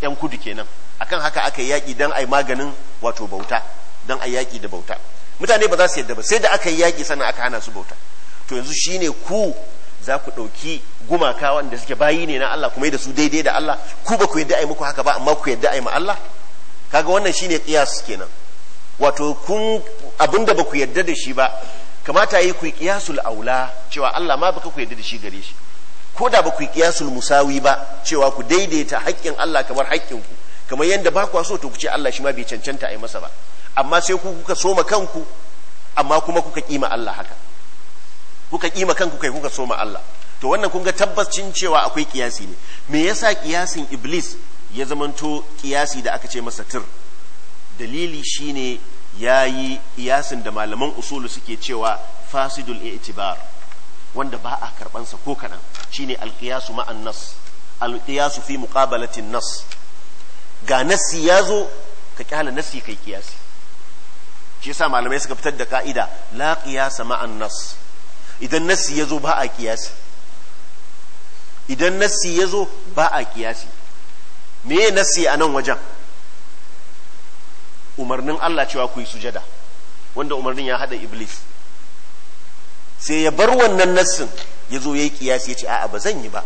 yan kudu kenan akan haka aka yaki dan ai maganin wato bauta dan ai yaki da bauta mutane ba za su yadda ba sai da aka yaki sannan aka hana su bauta to yanzu shine ku za ku ɗauki gumaka wanda suke bayi ne na Allah kuma da su daidai da Allah ku ba ku yadda ai muku haka ba amma ku yadda ai ma Allah kaga wannan shine qiyas kenan wato kun abinda ba ku yadda da shi ba kamata yi ku qiyasul aula cewa Allah ma baka ku yadda da shi gare shi ko da ba ku qiyasul musawi ba cewa ku daidaita haƙƙin Allah kamar haƙƙin ku kamar yadda ba ku so to ku ce Allah shi ma bai cancanta ai masa ba amma sai ku kuka soma kanku amma kuma kuka kima Allah haka kuka kima kanku kai kuka soma Allah to wannan kun ga tabbacin cewa akwai kiyasi ne me yasa kiyasin iblis ya zamanto kiyasi da aka ce masa tir dalili shine yayi kiyasin da malaman usulu suke cewa fasidul i'tibar wanda ba a karban sa ko kadan shine alqiyasu ma'an nas alqiyasu fi muqabalatin nas ga nasi yazo ka kyala nasi kai kiyasi shi yasa malamai suka fitar da ka'ida la qiyasa ma'an nas idan nasi yazo ba a kiyasi idan nassi ya zo ba a kiyasi me ya nassi a nan wajen umarnin Allah cewa ku yi sujada wanda umarnin ya hada iblis sai ya bar wannan nassin ya zo ya yi kiyasi ya ce a'a ba zan yi ba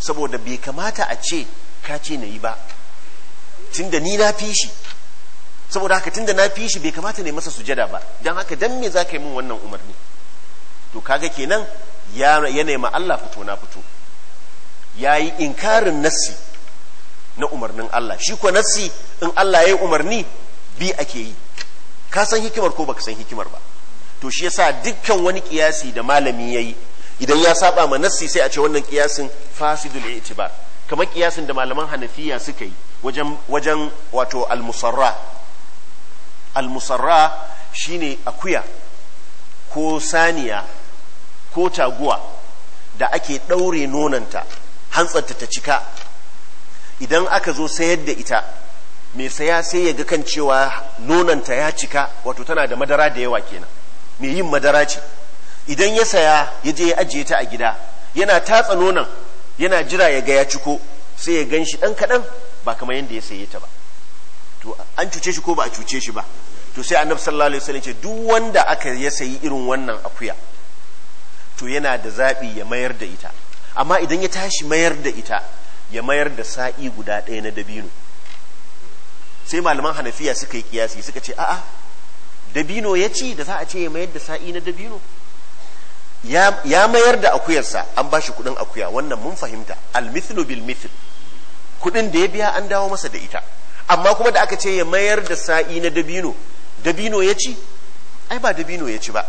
saboda bai kamata a ce ka ce na yi ba tunda ni na fi shi saboda haka tunda na fi shi bai kamata ne masa sujada ba don haka dan me za ka yi min wannan umarni to kaga kenan ya nema Allah fito na fito ya yi inkarin nassi na umarnin Allah shi kuwa nassi in Allah ya yi umarni bi ake yi ka san hikimar ko baka san hikimar ba to shi yasa dukkan wani kiyasi da malami ya yi idan ya saba ma nassi sai a ce wannan kiyasin fasidul i'tibar kamar kiyasin da malaman hanafiya suka yi wajen wajen wato al-musarra al-musarra shine akuya ko saniya ko taguwa da ake ɗaure nonanta hantsarta ta cika idan aka zo sayar da ita mai saya sai ya ga kan cewa nonanta ya cika wato tana da madara da yawa kenan mai yin madara ce idan ya saya ya je ya ajiye ta a gida yana tatsa nonon yana jira ya ga ya ciko sai ya gan shi ɗan kaɗan ba kamar yadda ya saye ta ba to an cuce shi ko ba a cuce shi ba to sai annabi sallallahu alaihi ce duk wanda aka ya sayi irin wannan akuya to yana da zaɓi ya mayar da ita amma idan ya tashi mayar da ita ya mayar da sa'i guda ɗaya na dabino sai malaman hanafiya suka yi kiyasi suka ce a'a dabino ya ci da za a ce ya mayar da sa'i na dabino ya mayar da akuyarsa an ba shi kuɗin akuya wannan mun fahimta almithlu bil mithl kuɗin da ya biya an dawo masa da ita amma kuma da aka ce ya mayar da sa'i na dabino dabino ya ci ai ba dabino ya ci ba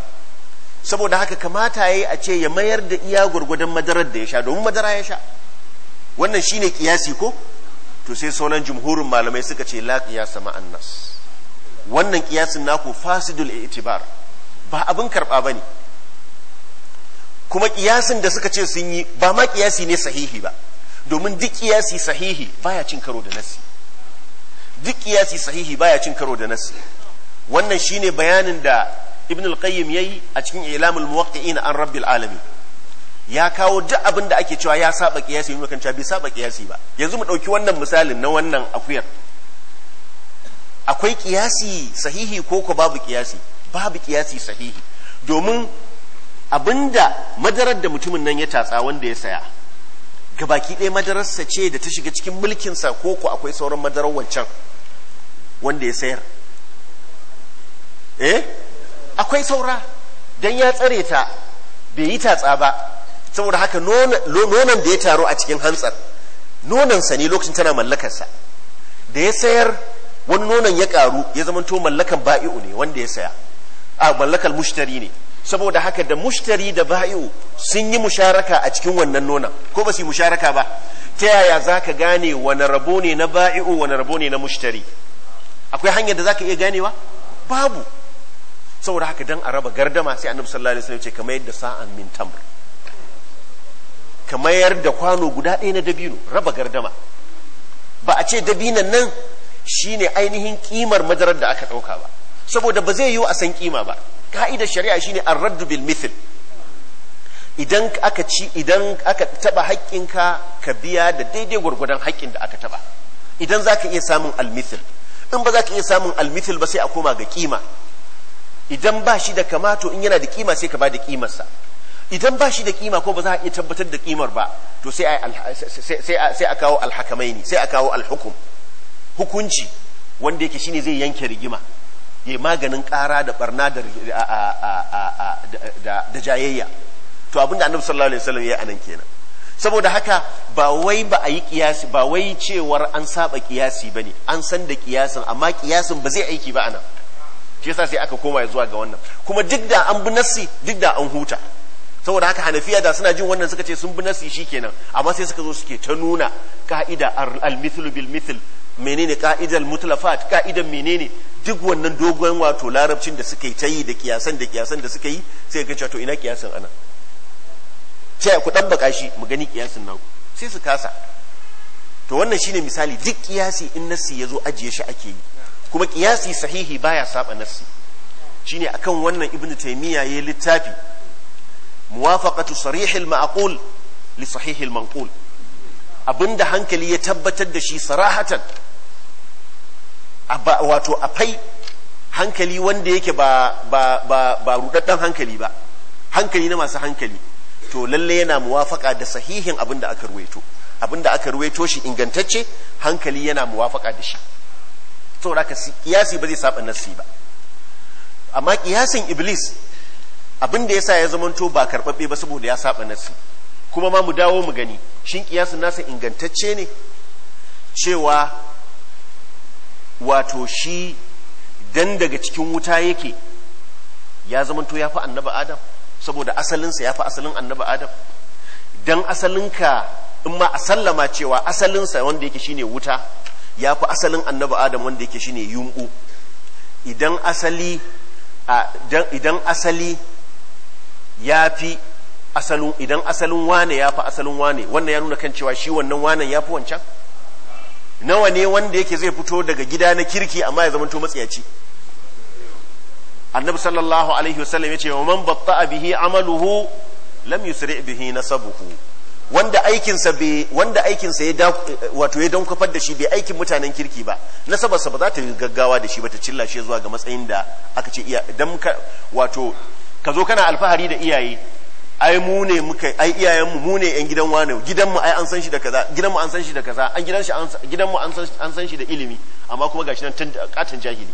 saboda haka kamata ya yi a ce ya mayar da iya gwargwadon madarar da ya sha domin madara ya sha wannan shine kiyasi ko to sai sauran jumhurin malamai suka ce la qiyasa ma'an wannan kiyasin naku fasidul i'tibar ba abin karɓa ba ne. kuma kiyasin da suka ce sun yi ba ma kiyasi ne sahihi ba domin duk kiyasi sahihi baya cin karo da nasi duk kiyasi sahihi baya cin karo da nasi wannan shine bayanin da ibn al-qayyim yayi a cikin ilamul muwaqqi'in an rabbil alamin ya kawo duk abin da ake cewa ya saba kiyasi mun kan cewa bai saba kiyasi ba yanzu mu dauki wannan misalin na wannan akuyar akwai kiyasi sahihi ko ko babu kiyasi babu kiyasi sahihi domin abinda madarar da mutumin nan ya tatsa wanda ya saya gabaki ɗaya madararsa ce da ta shiga cikin mulkinsa ko ko akwai sauran madarar wancan wanda ya sayar eh akwai saura don ya tsare ta bai yi tatsa ba saboda haka nonon da ya taro a cikin hantsar nonon sa ne lokacin tana mallakarsa da ya sayar wani nonon ya karu ya zama to mallakan ba'i'u ne wanda ya saya a mallakar mushtari ne saboda haka da mushtari da ba'i'u sun yi musharaka a cikin wannan nonon ko ba su yi musharaka ba ta yaya za ka gane wani rabo ne na ba'i'u wani rabo ne na mushtari akwai hanyar da za ka iya ganewa babu saboda haka dan a raba gardama sai annabi sallallahu alaihi wasallam ce kamar yadda sa'an min tamr kamar yadda kwano guda ɗaya na dabino raba gardama ba a ce dabinan nan shine ainihin kimar madarar da aka ɗauka ba saboda ba zai yiwu a san kima ba ka'idar shari'a shine an raddu bil mithl idan aka ci idan aka taba haƙƙinka ka biya da daidai gwargwadon haƙƙin da aka taba idan za ka iya samun almithil in ba za ka iya samun almithil ba sai a koma ga kima idan ba shi da kamato in yana da kima sai ka ba da kimarsa idan ba shi da kima ko ba za a iya tabbatar da kimar ba to sai a kawo alhakamaini sai a kawo alhukum hukunci wanda yake shine zai yanke rigima ya maganin kara da barna da jayayya to abinda annabi sallallahu alaihi wasallam ya yi anan kenan saboda haka ba wai ba a yi kiyasi ba wai cewar an saba kiyasi bane an san da kiyasin amma kiyasin ba zai aiki ba anan shi yasa sai aka koma zuwa ga wannan kuma duk da an bi nassi duk da an huta saboda haka hanafiya da suna jin wannan suka ce sun bi nassi shikenan amma sai suka zo suke ta nuna ka'ida al mithl bil mithl menene ka'idar mutlafat ka'idar menene duk wannan dogon wato larabcin da suka yi ta yi da kiyasan da kiyasan da suka yi sai ga cewa to ina kiyasan ana sai ku tabbaka shi mu gani kiyasin nan sai su kasa to wannan shine misali duk kiyasi in nassi yazo ajiye shi ake yi kuma kiyasi sahihi baya saba nafsi shine akan wannan ibnu taymiya yayi littafi muwafaqatu sarihil ma'qul li sahihil manqul abinda hankali ya tabbatar da shi sarahatan wato afai hankali wanda yake ba ba ba, ba rudaddan hankali ba hankali na masu hankali to lalle yana muwafaka da sahihin abinda aka ruwaito abinda aka ruwaito shi ingantacce hankali yana muwafaka da shi ka si kiyasi ba zai saba nassi ba amma kiyasin iblis abin da yasa ya zamanto ba karbabe ba saboda ya saba nassi kuma ma mu dawo mu gani shin kiyasin nasa ingantacce ne cewa wato shi dan daga cikin wuta yake ya zamanto ya fi annaba adam saboda asalinsa ya fi asalin annaba adam dan asalinka in ma a sallama cewa asalinsa wanda yake shine wuta ya fi asalin annabi adam wanda yake shine yumbu idan asali idan asali ya fi asalin idan asalin wane ya fi asalin wane wannan ya nuna kan cewa shi wannan wanan ya fi wancan nawa ne wanda yake zai fito daga gida na kirki amma ya zamanto matsiyaci annabi sallallahu alaihi wasallam ya ce wa man batta bihi amaluhu lam yusri bihi nasabuhu wanda aikinsa bai wanda aikinsa ya wato ya dankufar da shi bai aikin mutanen kirki ba nasabarsa ba za ta yi gaggawa da shi ba ta cilla shi zuwa ga matsayin da aka ce iya dan ka wato ka zo kana alfahari da iyaye ai mu ne muka ai iyayen mu mu ne yan gidan wane gidan mu ai an san shi da kaza gidan mu an san shi da kaza an gidan shi gidan mu an san an san shi da ilimi amma kuma gashi nan tun katin jahili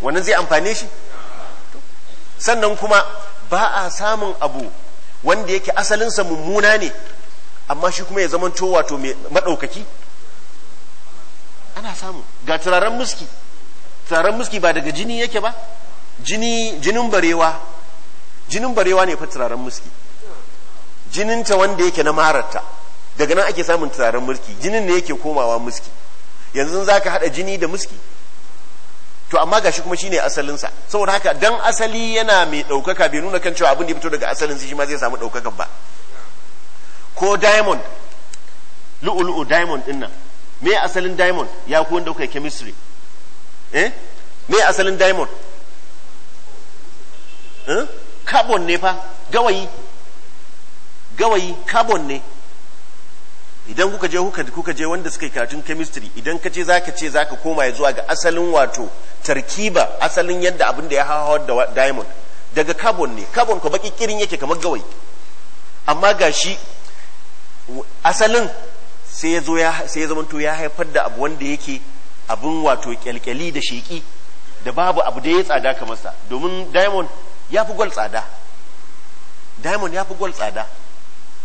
wannan zai amfane shi sannan kuma ba a samun abu wanda yake asalinsa mummuna ne amma shi kuma ya zama to wato maɗaukaki ana samu ga turaren muski turaren muski ba daga jini yake ba jini jinin barewa jinin barewa ne fa turaren muski jininta wanda yake na mararta daga nan ake samun turaren muski jinin ne yake komawa muski yanzu za ka haɗa jini da muski to amma ga shi kuma shi ne asalinsa saboda haka dan asali yana mai ɗaukaka bai nuna kan cewa abin da ya fito daga asalin shi ma zai samu ɗaukakan ba ko diamond lu'ulu'u diamond din nan me asalin diamond ya ku wanda kuka yi chemistry eh me asalin diamond eh carbon ne fa gawayi gawayi carbon ne idan kuka je kuka kuka je wanda suka yi karatun chemistry idan ka ce zaka ce zaka koma ya zuwa ga asalin wato tarkiba asalin yadda abin da ya hawa da diamond daga carbon ne carbon ko baki kirin yake kamar gawayi amma gashi asalin sai ya zo sai ya zamanto ya haifar da abu wanda yake abin wato kyalkyali da sheki da babu abu da ya tsada kamar sa domin diamond ya fi gwal tsada diamond ya fi gwal tsada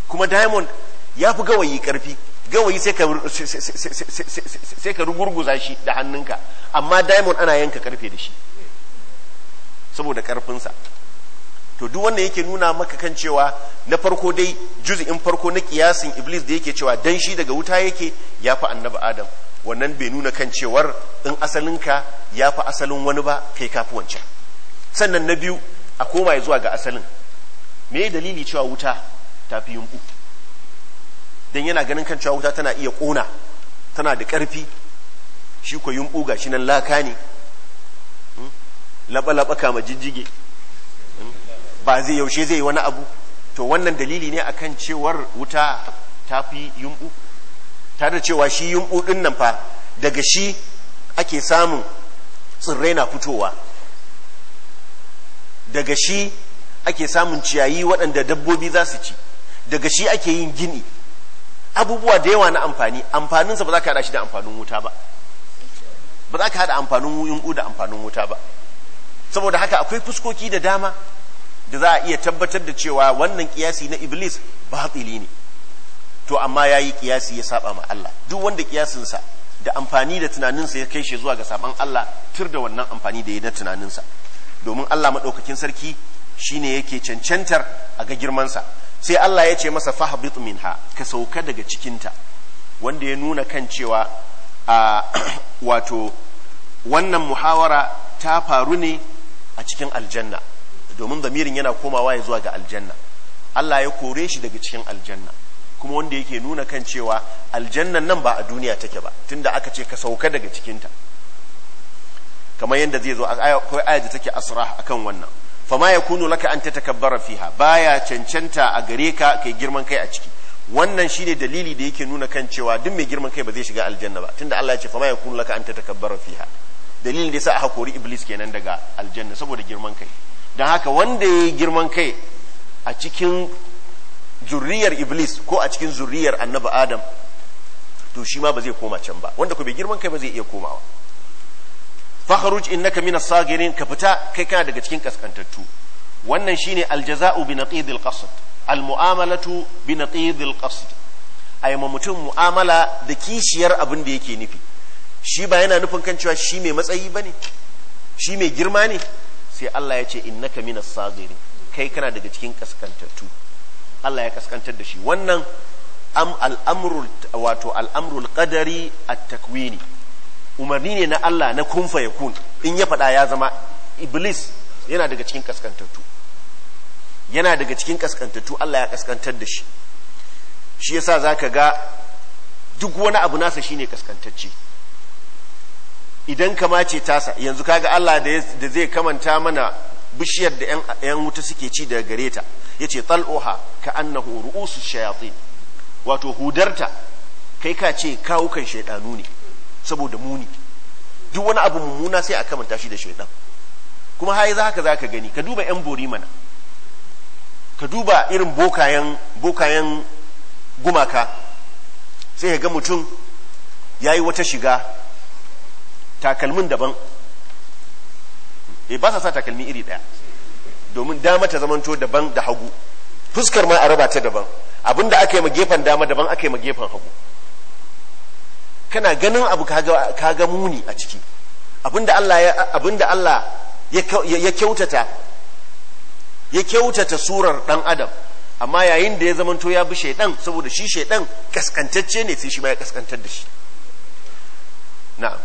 kuma diamond ya fi gawayi karfi gawayi sai ka rugurguza shi da hannunka amma diamond ana yanka karfe da shi saboda karfinsa to duk wanda yake nuna maka kan cewa na farko dai juz'in farko na kiyasin iblis da yake cewa dan shi daga wuta yake yafi annabi adam wannan bai nuna kan cewar in asalin asalinka yafi asalin wani ba kai kafi wancan sannan na biyu a koma zuwa ga asalin me dalili cewa wuta ta fi yumbu dan yana ganin kan cewa wuta tana iya kona tana da karfi shi ko yumbu gashi nan laka ne hmm? laba-laba kama jijjige ba zai yaushe zai yi wani abu to wannan dalili ne akan cewar wuta ta fi yumbu ta da cewa shi yumbu din nan fa daga shi ake samun tsirrai na fitowa daga shi ake samun ciyayi waɗanda dabbobi za su ci daga shi ake yin gini abubuwa da yawa na amfani amfaninsa ba za ka haɗa shi da amfanin wuta ba ba za ka haɗa amfanin yumbu da amfanin wuta ba saboda haka akwai fuskoki da dama da za a iya tabbatar da cewa wannan kiyasi na iblis batsili ne to amma ya yi kiyasi ya saba ma Allah duk wanda kiyasinsa da amfani da tunaninsa ya kai shi zuwa ga saban Allah tur da wannan amfani da ya na tunaninsa domin Allah maɗaukakin sarki shine yake cancantar a ga girmansa sai Allah ya ce masa fahbit minha ka sauka daga cikinta wanda ya nuna kan cewa a wato wannan muhawara ta faru ne a cikin aljanna domin zamirin yana komawa ya zuwa ga aljanna Allah ya kore shi daga cikin aljanna kuma wanda yake nuna kan cewa aljannan nan ba a duniya take ba tunda aka ce ka sauka daga cikinta kamar yadda zai zo akwai aya da take asra akan wannan fama yakunu laka an tatakabbara fiha baya cancanta a gare ka kai girman kai a ciki wannan shine dalili da yake nuna kan cewa duk mai girman kai ba zai shiga aljanna ba tunda Allah ya ce fama yakunu laka an tatakabbara fiha dalilin da yasa aka kori iblis kenan daga aljanna saboda girman kai don haka wanda ya yi girman kai a cikin zurriyar iblis ko a cikin zurriyar annabi adam to shi ma ba zai koma can ba wanda ku bai girman kai ba zai iya komawa fakharuj innaka min as-sagirin ka fita kai kana daga cikin kaskantattu wannan shine aljaza'u bi naqid al-qasd al-mu'amalatu bi naqid al-qasd ai ma mutum mu'amala da kishiyar abin da yake nufi shi ba yana nufin kan cewa shi mai matsayi bane shi mai girma ne sai Allah ya ce innaka minas sagirin kai kana daga cikin kaskantattu Allah ya kaskantar da shi wannan am al'amrul wato al'amrul qadari at-takwini umarni ne na Allah na kun in ya faɗa ya zama iblis yana daga cikin kaskantattu yana daga cikin kaskantattu Allah ya kaskantar da shi shi yasa zaka ga duk wani abu nasa shine kaskantacce idan kama ce tasa yanzu kaga Allah da zai kamanta mana bishiyar da yan wuta suke ci daga gare ta yace tal'uha ka annahu ru'usu shayatin wato hudarta kai ka ce kan shaidanu ne saboda muni duk wani abu mummuna sai a kamanta shi da shaidan kuma hayi za ka za ka gani ka duba yan bori mana ka duba irin bokayen bokayen gumaka sai ya ga mutum ya yi wata shiga takalmin daban e ba sa sa takalmi iri daya domin dama ta zamanto daban da hagu fuskar ma a raba ta daban abinda aka yi ma gefen dama daban aka yi ma gefen hagu kana ganin abu ka ga muni a ciki abinda Allah ya Allah ya kyautata ya kyautata surar dan adam amma yayin da ya zamanto ya bi shaidan saboda shi shaidan kaskantacce ne sai shi ma ya kaskantar da shi na'am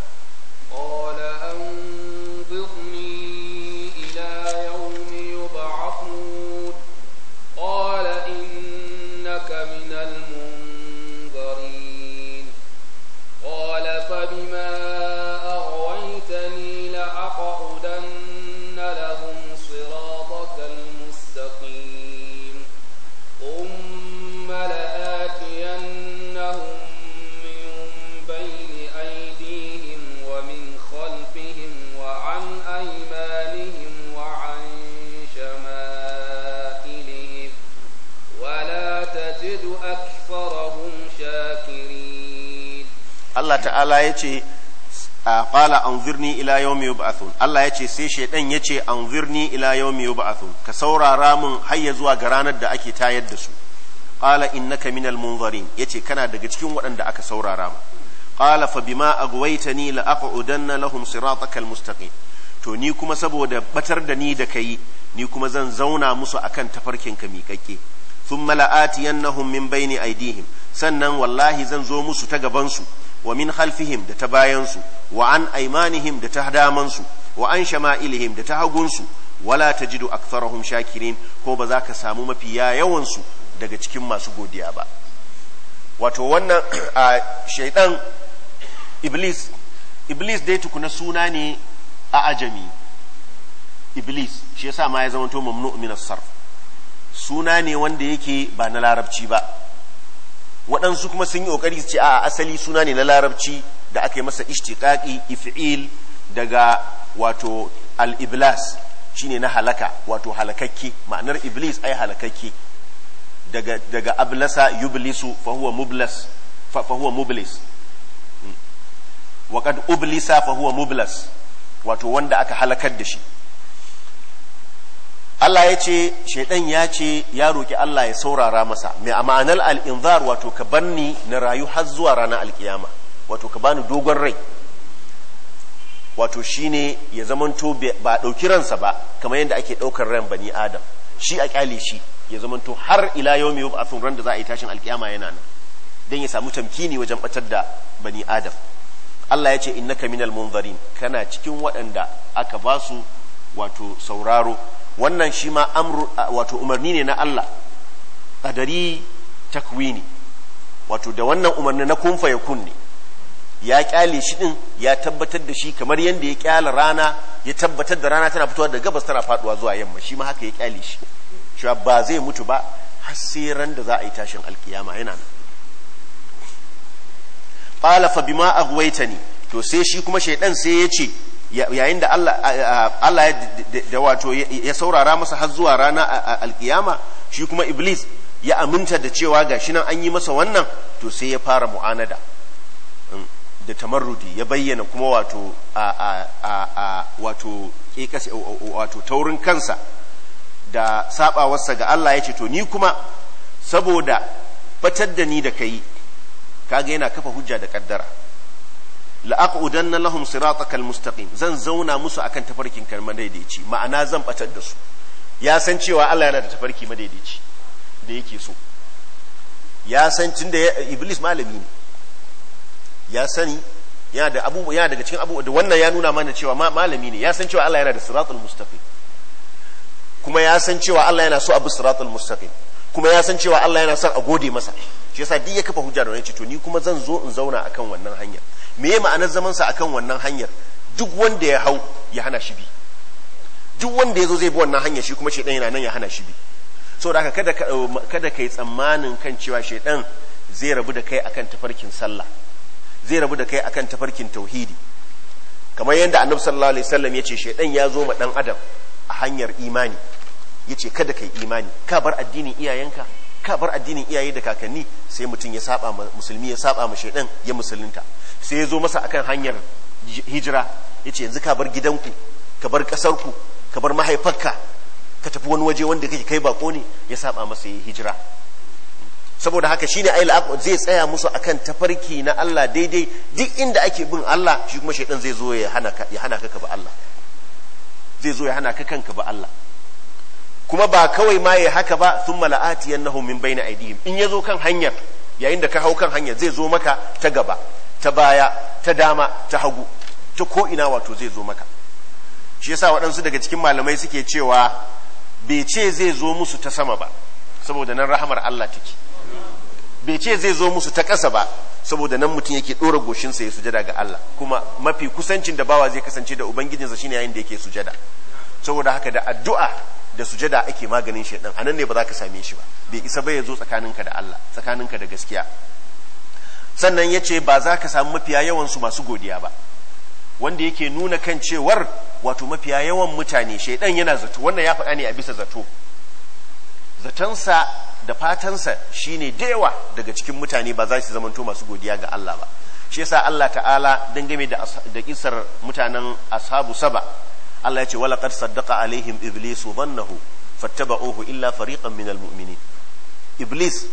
ta'ala ya ce an zirni ila yawmi yub'athun Allah ya ce sai shaidan ya ce zirni ila yawmi yub'athun ka saurara mun har zuwa ga ranar da ake tayar da su qala innaka minal munzarin yace kana daga cikin waɗanda aka saurara ma qala fa bima aghwaytani la aq'udanna lahum siratakal mustaqim to ni kuma saboda batar da ni da kai ni kuma zan zauna musu akan tafarkin ka miƙaƙe thumma la'atiyannahum min bayni aydihim sannan wallahi zan zo musu ta gabansu. wa min khalfihim da ta bayansu wa an aimanihim da ta damansu wa an shama'ilihim da ta hagunsu wala tajidu aktharahum shakirin ko ba za ka samu mafi mafiya yawansu daga cikin masu godiya ba wato wannan a shaidan iblis iblis dai tukuna suna ne a ajami iblis shi yasa ma ya zama to mamnu min sarf suna ne wanda yake ba na larabci ba waɗansu kuma sun yi ƙoƙari su ce a asali suna ne na larabci da aka yi masa ishtiƙaƙi if'il daga wato al-iblas shine na halaka wato halakakke ma'anar iblis ai halakakke daga daga ablasa yublisu fa huwa mublas fa huwa mublis hmm. wa qad ublisa fa huwa mublas wato wanda aka halakar da shi Allah ya ce shaidan ya ce ya roki Allah ya saurara masa mai ma'anar al'inzar wato ka banni na rayu har zuwa ranar alkiyama wato ka bani dogon rai wato shine ya zamanto ba ɗauki ransa ba kamar yadda ake ɗaukar ran bani adam shi a kyale shi ya zamanto har ila yau mai yau ran da za a yi tashin alkiyama yana nan don ya samu tamkini wajen ɓatar da bani adam Allah ya ce innaka minal munzarin kana cikin waɗanda aka ba su wato sauraro wannan shi ma amru wato umarni ne na Allah qadari takwini wato da wannan umarni na kun fa yakun ne ya kyale shi din ya tabbatar da shi kamar yadda ya kyala rana ya tabbatar da rana tana fitowa da gabas tana faduwa zuwa yamma shi ma haka ya kyale shi cewa ba zai mutu ba har sai ran da za a yi tashin alkiyama yana nan qala fa bima aghwaytani to sai shi kuma shaydan sai ya ce yayin da Allah ya wato ya saurara masa har zuwa rana alkiyama shi kuma iblis ya aminta da cewa ga shi nan an yi masa wannan to sai ya fara mu'anada um, da tamarrudi ya bayyana kuma wato wato wato taurin kansa da sabawarsa ga Allah ya ce to ni kuma saboda batar da ni da kai kaga yana kafa hujja da kaddara la'aqudanna lahum siratakal mustaqim zan zauna musu akan tafarkin kan madaidaici ma'ana zan batar da su ya san cewa Allah yana da tafarki madaidaici da yake so ya san da iblis malami ne ya sani yana da abubuwa yana daga cikin abubuwa da wannan ya nuna mana cewa malami ne ya san cewa Allah yana da siratul mustaqim kuma ya san cewa Allah yana so abu siratul mustaqim kuma ya san cewa Allah yana son a gode masa shi yasa duk ya kafa hujja da wani ce to ni kuma zan zo in zauna akan wannan hanyar. ya ma'anar zaman sa akan wannan hanyar duk wanda ya hau ya hana shi bi duk wanda ya zo zai bi wannan hanyar shi kuma shedan yana nan ya hana shi bi so da kada kada kai tsammanin kan cewa shedan zai rabu da kai akan tafarkin sallah zai rabu da kai akan tafarkin tauhidi kamar yadda annabi sallallahu alaihi wasallam yace shedan ya zo ma dan adam a hanyar imani yace kada kai imani ka bar addinin iyayenka ka bar addinin iyaye da kakanni sai mutum ya saba musulmi ya saba ma shedan ya musulunta sai ya zo masa akan hanyar hijira ya ce yanzu ka bar gidanku ka bar ƙasarku ka bar mahaifarka ka tafi wani waje wanda kake kai bako ne ya saba masa ya hijira saboda haka shine ayil zai tsaya musu akan tafarki na Allah daidai duk inda ake bin Allah shi kuma shaidan zai zo ya hana ka ya hana ka ba Allah zai zo ya hana ka kanka ba Allah kuma ba kawai ma ya haka ba thumma la'atiyannahum min bayna aydihim in yazo kan hanyar yayin da ka hau kan hanyar zai zo maka ta gaba ta baya ta dama ta hagu ta koina wato zai zo maka shi yasa waɗansu daga cikin malamai suke cewa bai ce zai zo musu ta sama ba saboda nan rahamar Allah take bai ce zai zo musu ta ƙasa ba saboda nan mutum yake ɗora goshinsa ya sujada ga Allah kuma mafi kusancin da bawa zai kasance da ubangijinsa shine yayin da yake sujada saboda haka da addu'a da sujada ake maganin shaidan anan ne ba za ka same shi ba bai isa ba ya zo tsakaninka da Allah tsakaninka da gaskiya sannan ya ce ba za ka samu mafiya yawansu masu godiya ba wanda yake nuna kan cewar wato mafiya yawan mutane shaidan yana zato wannan ya faɗa ne a bisa zato zatonsa da fatansa shine da yawa daga cikin mutane ba za su zamanto masu godiya ga Allah ba shi yasa Allah ta'ala dangane da da kisar mutanen ashabu saba Allah ya ce wala qad saddaqa alaihim iblis dhannahu fattaba'uhu illa fariqan minal mu'minin iblis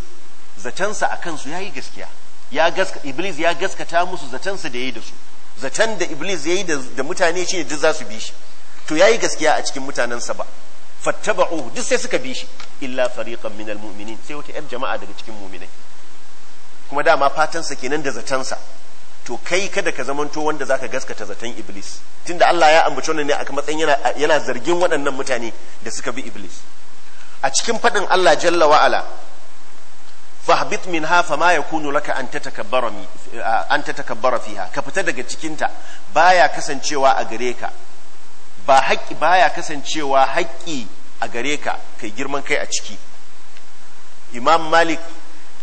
zatonsa akan su yayi gaskiya ya gaska iblis ya gaskata musu zaton su da yayi da su zaton da iblis yayi da mutane shi duk za su bi shi to yayi gaskiya a cikin sa ba fattaba'u duk sai suka bi shi illa fariqan minal mu'minin sai wata yar jama'a daga cikin mu'minai kuma dama fatansa kenan da sa. to kai kada ka zamanto wanda zaka gaskata zaton iblis tunda Allah ya ambaci wannan ne a matsayin yana yana zargin waɗannan mutane da suka bi iblis a cikin faɗin Allah jalla wa'ala fahbit minha fama yakunu laka an tatakabbara an tatakabbara fiha ka fita daga cikin ta baya kasancewa a gare ka ba haƙƙi baya kasancewa haƙƙi a gare ka kai girman kai a ciki imam malik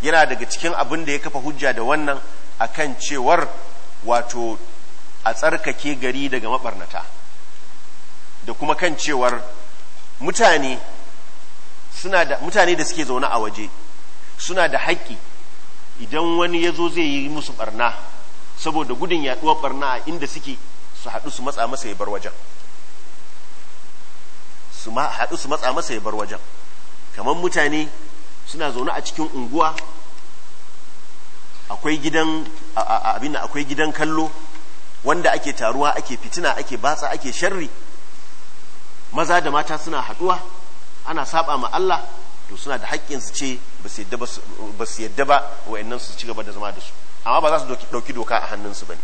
yana daga cikin abin da ya kafa hujja da wannan akan cewar wato a tsarkake gari daga mabarnata da kuma kan cewar mutane suna da mutane da suke zaune a waje suna da haƙƙi idan wani ya zo zai yi musu barna saboda gudun yaɗuwar barna a inda suke su haɗu su matsa masa ya bar wajen su haɗu su matsa masa ya bar wajen kamar mutane suna zaune a cikin unguwa akwai gidan abin akwai gidan kallo wanda ake taruwa ake fitina ake batsa ake sharri maza da mata suna haɗuwa ana saba ma Allah to suna da haƙƙin su ce ba su yadda ba wa'annan su ci gaba da zama da su amma ba za su ɗauki doka a hannunsu ba ne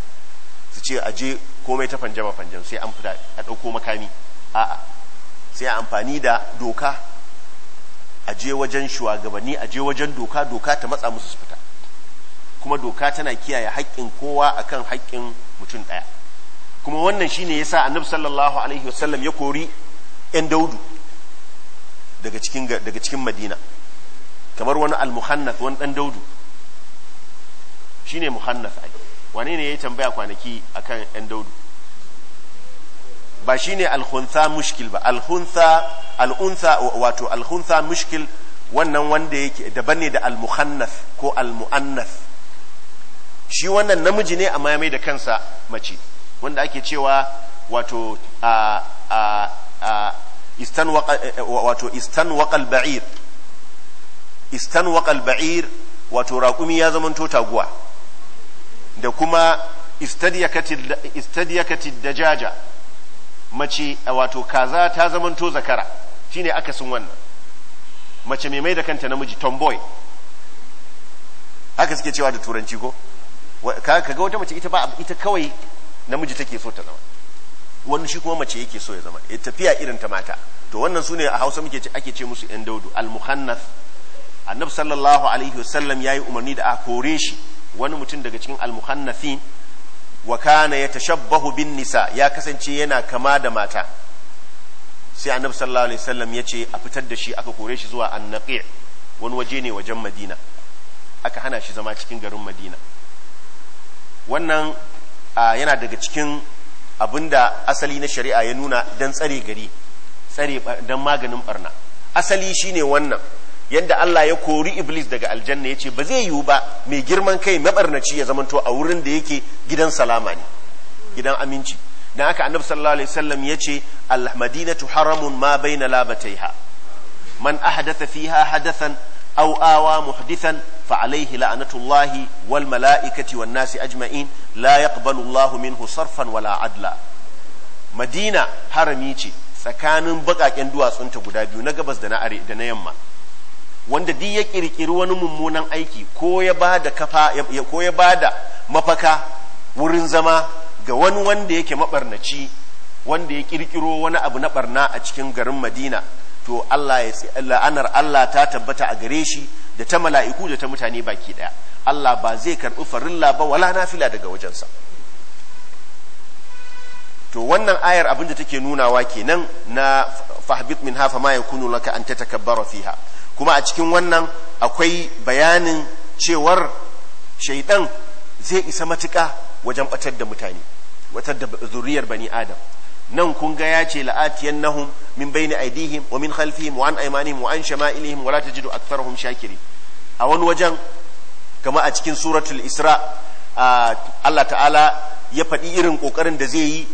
su ce a je komai ta ma fanje sai an fita a ɗauko makami a'a sai a amfani da doka a je wajen shugabanni a je wajen doka doka ta matsa musu su fita kuma doka tana kiyaye haƙƙin kowa akan haƙƙin mutum ɗaya kuma wannan shi shine yasa annabi sallallahu alaihi wasallam ya kori 'yan daudu daga cikin daga cikin madina kamar wani al-muhannath wani dan daudu shine muhannath ai wani ne yayi tambaya kwanaki akan dan daudu ba shine al-khuntha mushkil ba al-khuntha al-untha wato al-khuntha mushkil wannan wanda yake daban ne da al-muhannath ko al-muannath shi wannan namiji ne amma mai da kansa mace wanda ake cewa wato a a Eh, eh, wato istanwaqal ba'ir istanwaqal ba'ir wato raƙumi ya zamanto guwa da kuma istadiyakati dajaja mace eh, wato kaza ta zamanto zakara shine akasin wannan mace mai mai da kanta namiji tomboy haka suke cewa da turanci ko kaga wata mace ita ba ita kawai namiji take so ta zama wani shi kuma mace yake so ya zama ya tafiya irin ta mata to wannan sune a Hausa muke ce ake ce musu yan daudu al muhannath annabi sallallahu alaihi wasallam yayi umarni da a kore shi wani mutum daga cikin al muhannathin wa kana yatashabbahu bin nisa ya kasance yana kama da mata sai annabi sallallahu alaihi wasallam ya ce a fitar da shi aka kore shi zuwa annaqi wani waje ne wajen madina aka hana shi zama cikin garin madina wannan yana daga cikin abinda asali na shari'a ya nuna don tsare gari tsare don maganin barna asali shine wannan yadda Allah ya kori iblis daga aljanna ya ce ba zai yiwu ba mai girman kai mabarnaci ya zamanto a wurin da yake gidan salama ne gidan aminci dan haka annabi sallallahu alaihi wasallam ya ce al-madinatu haramun ma baina labataiha man ahdatha fiha hadathan aw awa muhdithan fa alayhi la'natullahi wal mala'ikati wan nasi ajma'in la yaqbalu Allahu minhu sarfan wala adla Madina harami ce tsakanin bakaken duwatsunta guda biyu na gabas da na are da na yamma wanda duk ya ƙirƙiri wani mummunan aiki ko ya ba kafa ko ya mafaka wurin zama ga wani wanda yake mabarnaci wanda ya ƙirƙiro wani abu na barna a cikin garin Madina to Allah ya la'anar Allah ta tabbata a gare shi da ta mala'iku da ta mutane baki ɗaya Allah ba zai karɓi farilla ba wala fila daga wajensa to wannan ayar abin abinda take nunawa kenan na fahbit min hafa ma yakunu laka an tatakabbara fiha kuma a cikin wannan akwai bayanin cewar shaidan zai isa matuka wajen batar da mutane watar da zuriyar bani adam nan kun ga ya ce la'atiyan nahum min bayni aidihim wa min khalfihim wa an aymanihim wa an shama'ilihim wa la tajidu aktharahum shakiri a wani wajen kama a cikin suratul isra Allah ta'ala ya faɗi irin ƙoƙarin da zai yi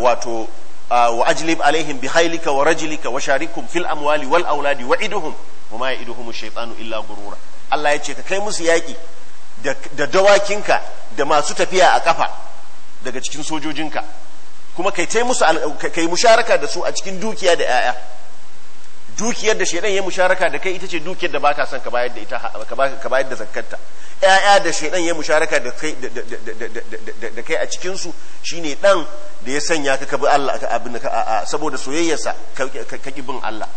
wato wa ajlib alaihim bi khailika wa rajlika wa sharikum fil amwali wal auladi wa iduhum wa ma ya'iduhum shaytanu illa gurura Allah ya ce ka kai musu yaƙi da dawakinka da masu tafiya a kafa daga cikin sojojinka kuma kai tai musu kai musharaka da su a cikin dukiya da yaya dukiyar da shedan ya musharaka da kai ita ce dukiyar da ta son ka bayar da ita ka bayar da zakkarta yaya da shedan ya musharaka da kai da kai a cikinsu su shine dan da ya sanya ka bi Allah abin ka saboda soyayyarsa ka ki bin Allah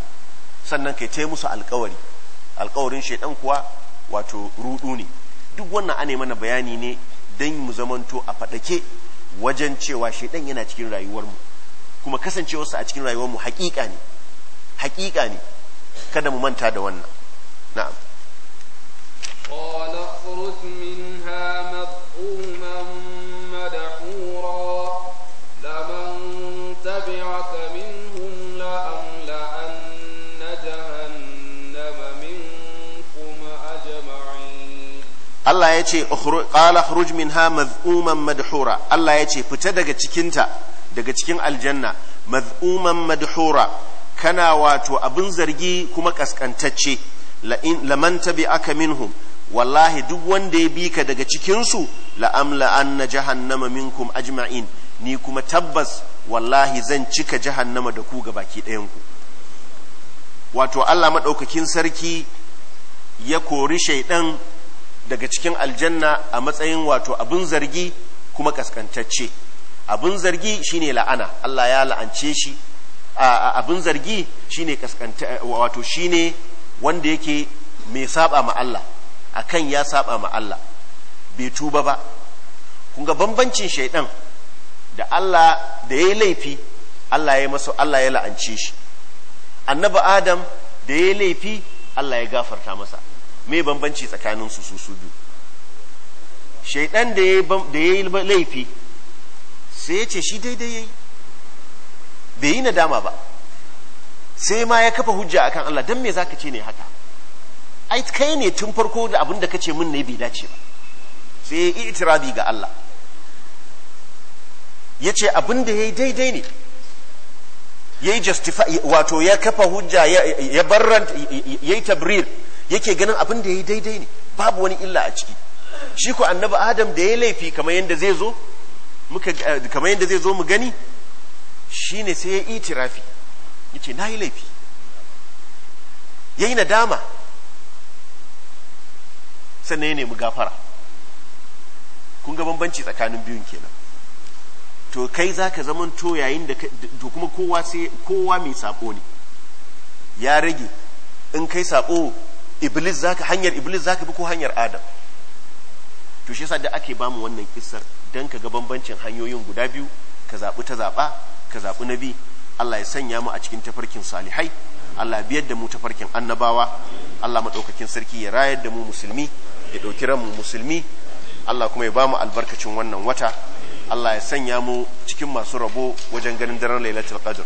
sannan kai tai musu alƙawari alƙawarin shedan kuwa wato rudu ne duk wannan ane mana bayani ne dan mu zamanto a faɗake. wajen cewa shaidan yana cikin rayuwarmu kuma kasancewarsa a cikin rayuwarmu haƙiƙa ne haƙiƙa ne kada mu manta da wannan na'am qala khuruj minha mabqum ya ce ƙala khruj ha maz'uman madhura Allah ya ce fita daga cikinta daga cikin aljanna maz'uman madhura kana wato abin zargi kuma kaskantacce laman tabi'aka minhum wallahi duk wanda ya bi ka daga cikinsu la'amla na jahannama minkum ajma'in ni kuma tabbas wallahi zan cika jahannama da ku ga baki ɗayanku wato Allah maɗaukakin sarki ya kori shaiɗan daga cikin aljanna a matsayin wato abin zargi kuma kaskantacce abin zargi shine la'ana Allah ya la'ance shi abin zargi shine kaskanta wato shine wanda yake mai saba ma Allah a kan ya saba ma Allah bai tuba ba kun ga bambancin shaidan da Allah da yayi laifi Allah ya masa Allah ya la'ance shi annabi Adam da yayi laifi Allah ya gafarta masa me bambanci tsakanin su su su biyu shaidan da ya yi laifi sai ya ce shi daidai ya bai yi nadama ba sai ma ya kafa hujja akan Allah don me zaka ce ne haka ai kai ne tun farko da abin da ka ce min ne bai dace ba sai ya yi itirabi ga Allah ya ce abin da ya yi daidai ne ya yi justify wato ya kafa hujja ya barranta ya yi tabrir yake ganin abin da ya yi daidai ne babu wani illa a ciki shi ko annabi adam da ya laifi kamar yadda zai zo eh, kamar yadda zai zo mu gani ne sai ya itirafi na yi laifi ya yayi nadama sannan ya nemi gafara kun ga bambanci tsakanin biyun kenan to kai za ka zaman to yayin da to kuma kowa kowa mai sabo ne ya rage in kai sabo iblis zaka hanyar iblis zaka bi ko hanyar adam to shi da ake bamu wannan kissar dan ka ga bambancin hanyoyin guda biyu ka zaɓi ta zaɓa ka zabi nabi Allah ya sanya mu a cikin tafarkin salihai Allah biyar da mu tafarkin annabawa Allah madaukakin sarki ya rayar da mu musulmi ya dauki mu musulmi Allah kuma ya bamu albarkacin wannan wata Allah ya sanya mu cikin masu rabo wajen ganin daren Lailatul Qadr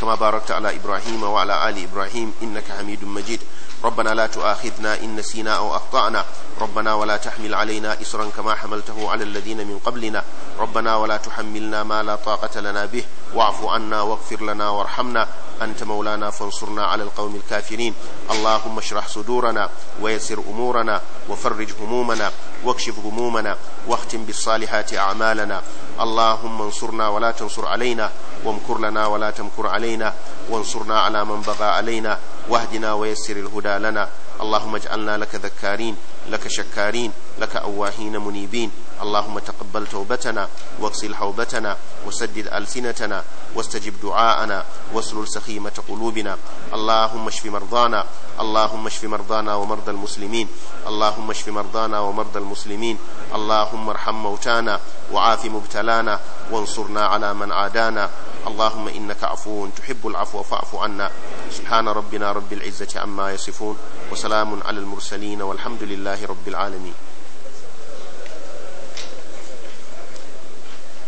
كما باركت على إبراهيم وعلى آل إبراهيم إنك حميد مجيد ربنا لا تؤاخذنا إن نسينا أو أخطأنا ربنا ولا تحمل علينا إسرا كما حملته على الذين من قبلنا ربنا ولا تحملنا ما لا طاقة لنا به واعف عنا واغفر لنا وارحمنا أنت مولانا فانصرنا على القوم الكافرين اللهم اشرح صدورنا ويسر أمورنا وفرج همومنا واكشف همومنا واختم بالصالحات أعمالنا اللهم انصرنا ولا تنصر علينا وامكر لنا ولا تمكر علينا علينا وانصرنا على من بغى علينا واهدنا ويسر الهدى لنا اللهم اجعلنا لك ذكارين لك شكارين لك أواهين منيبين اللهم تقبل توبتنا واغسل حوبتنا وسدد ألسنتنا واستجب دعاءنا واسلل سخيمة قلوبنا اللهم اشف مرضانا اللهم اشف مرضانا ومرضى المسلمين اللهم اشف مرضانا ومرضى المسلمين اللهم ارحم موتانا وعاف مبتلانا وانصرنا على من عادانا اللهم إنك عفو تحب العفو فاعف عنا سبحان ربنا رب العزة عما يصفون وسلام على المرسلين والحمد لله رب العالمين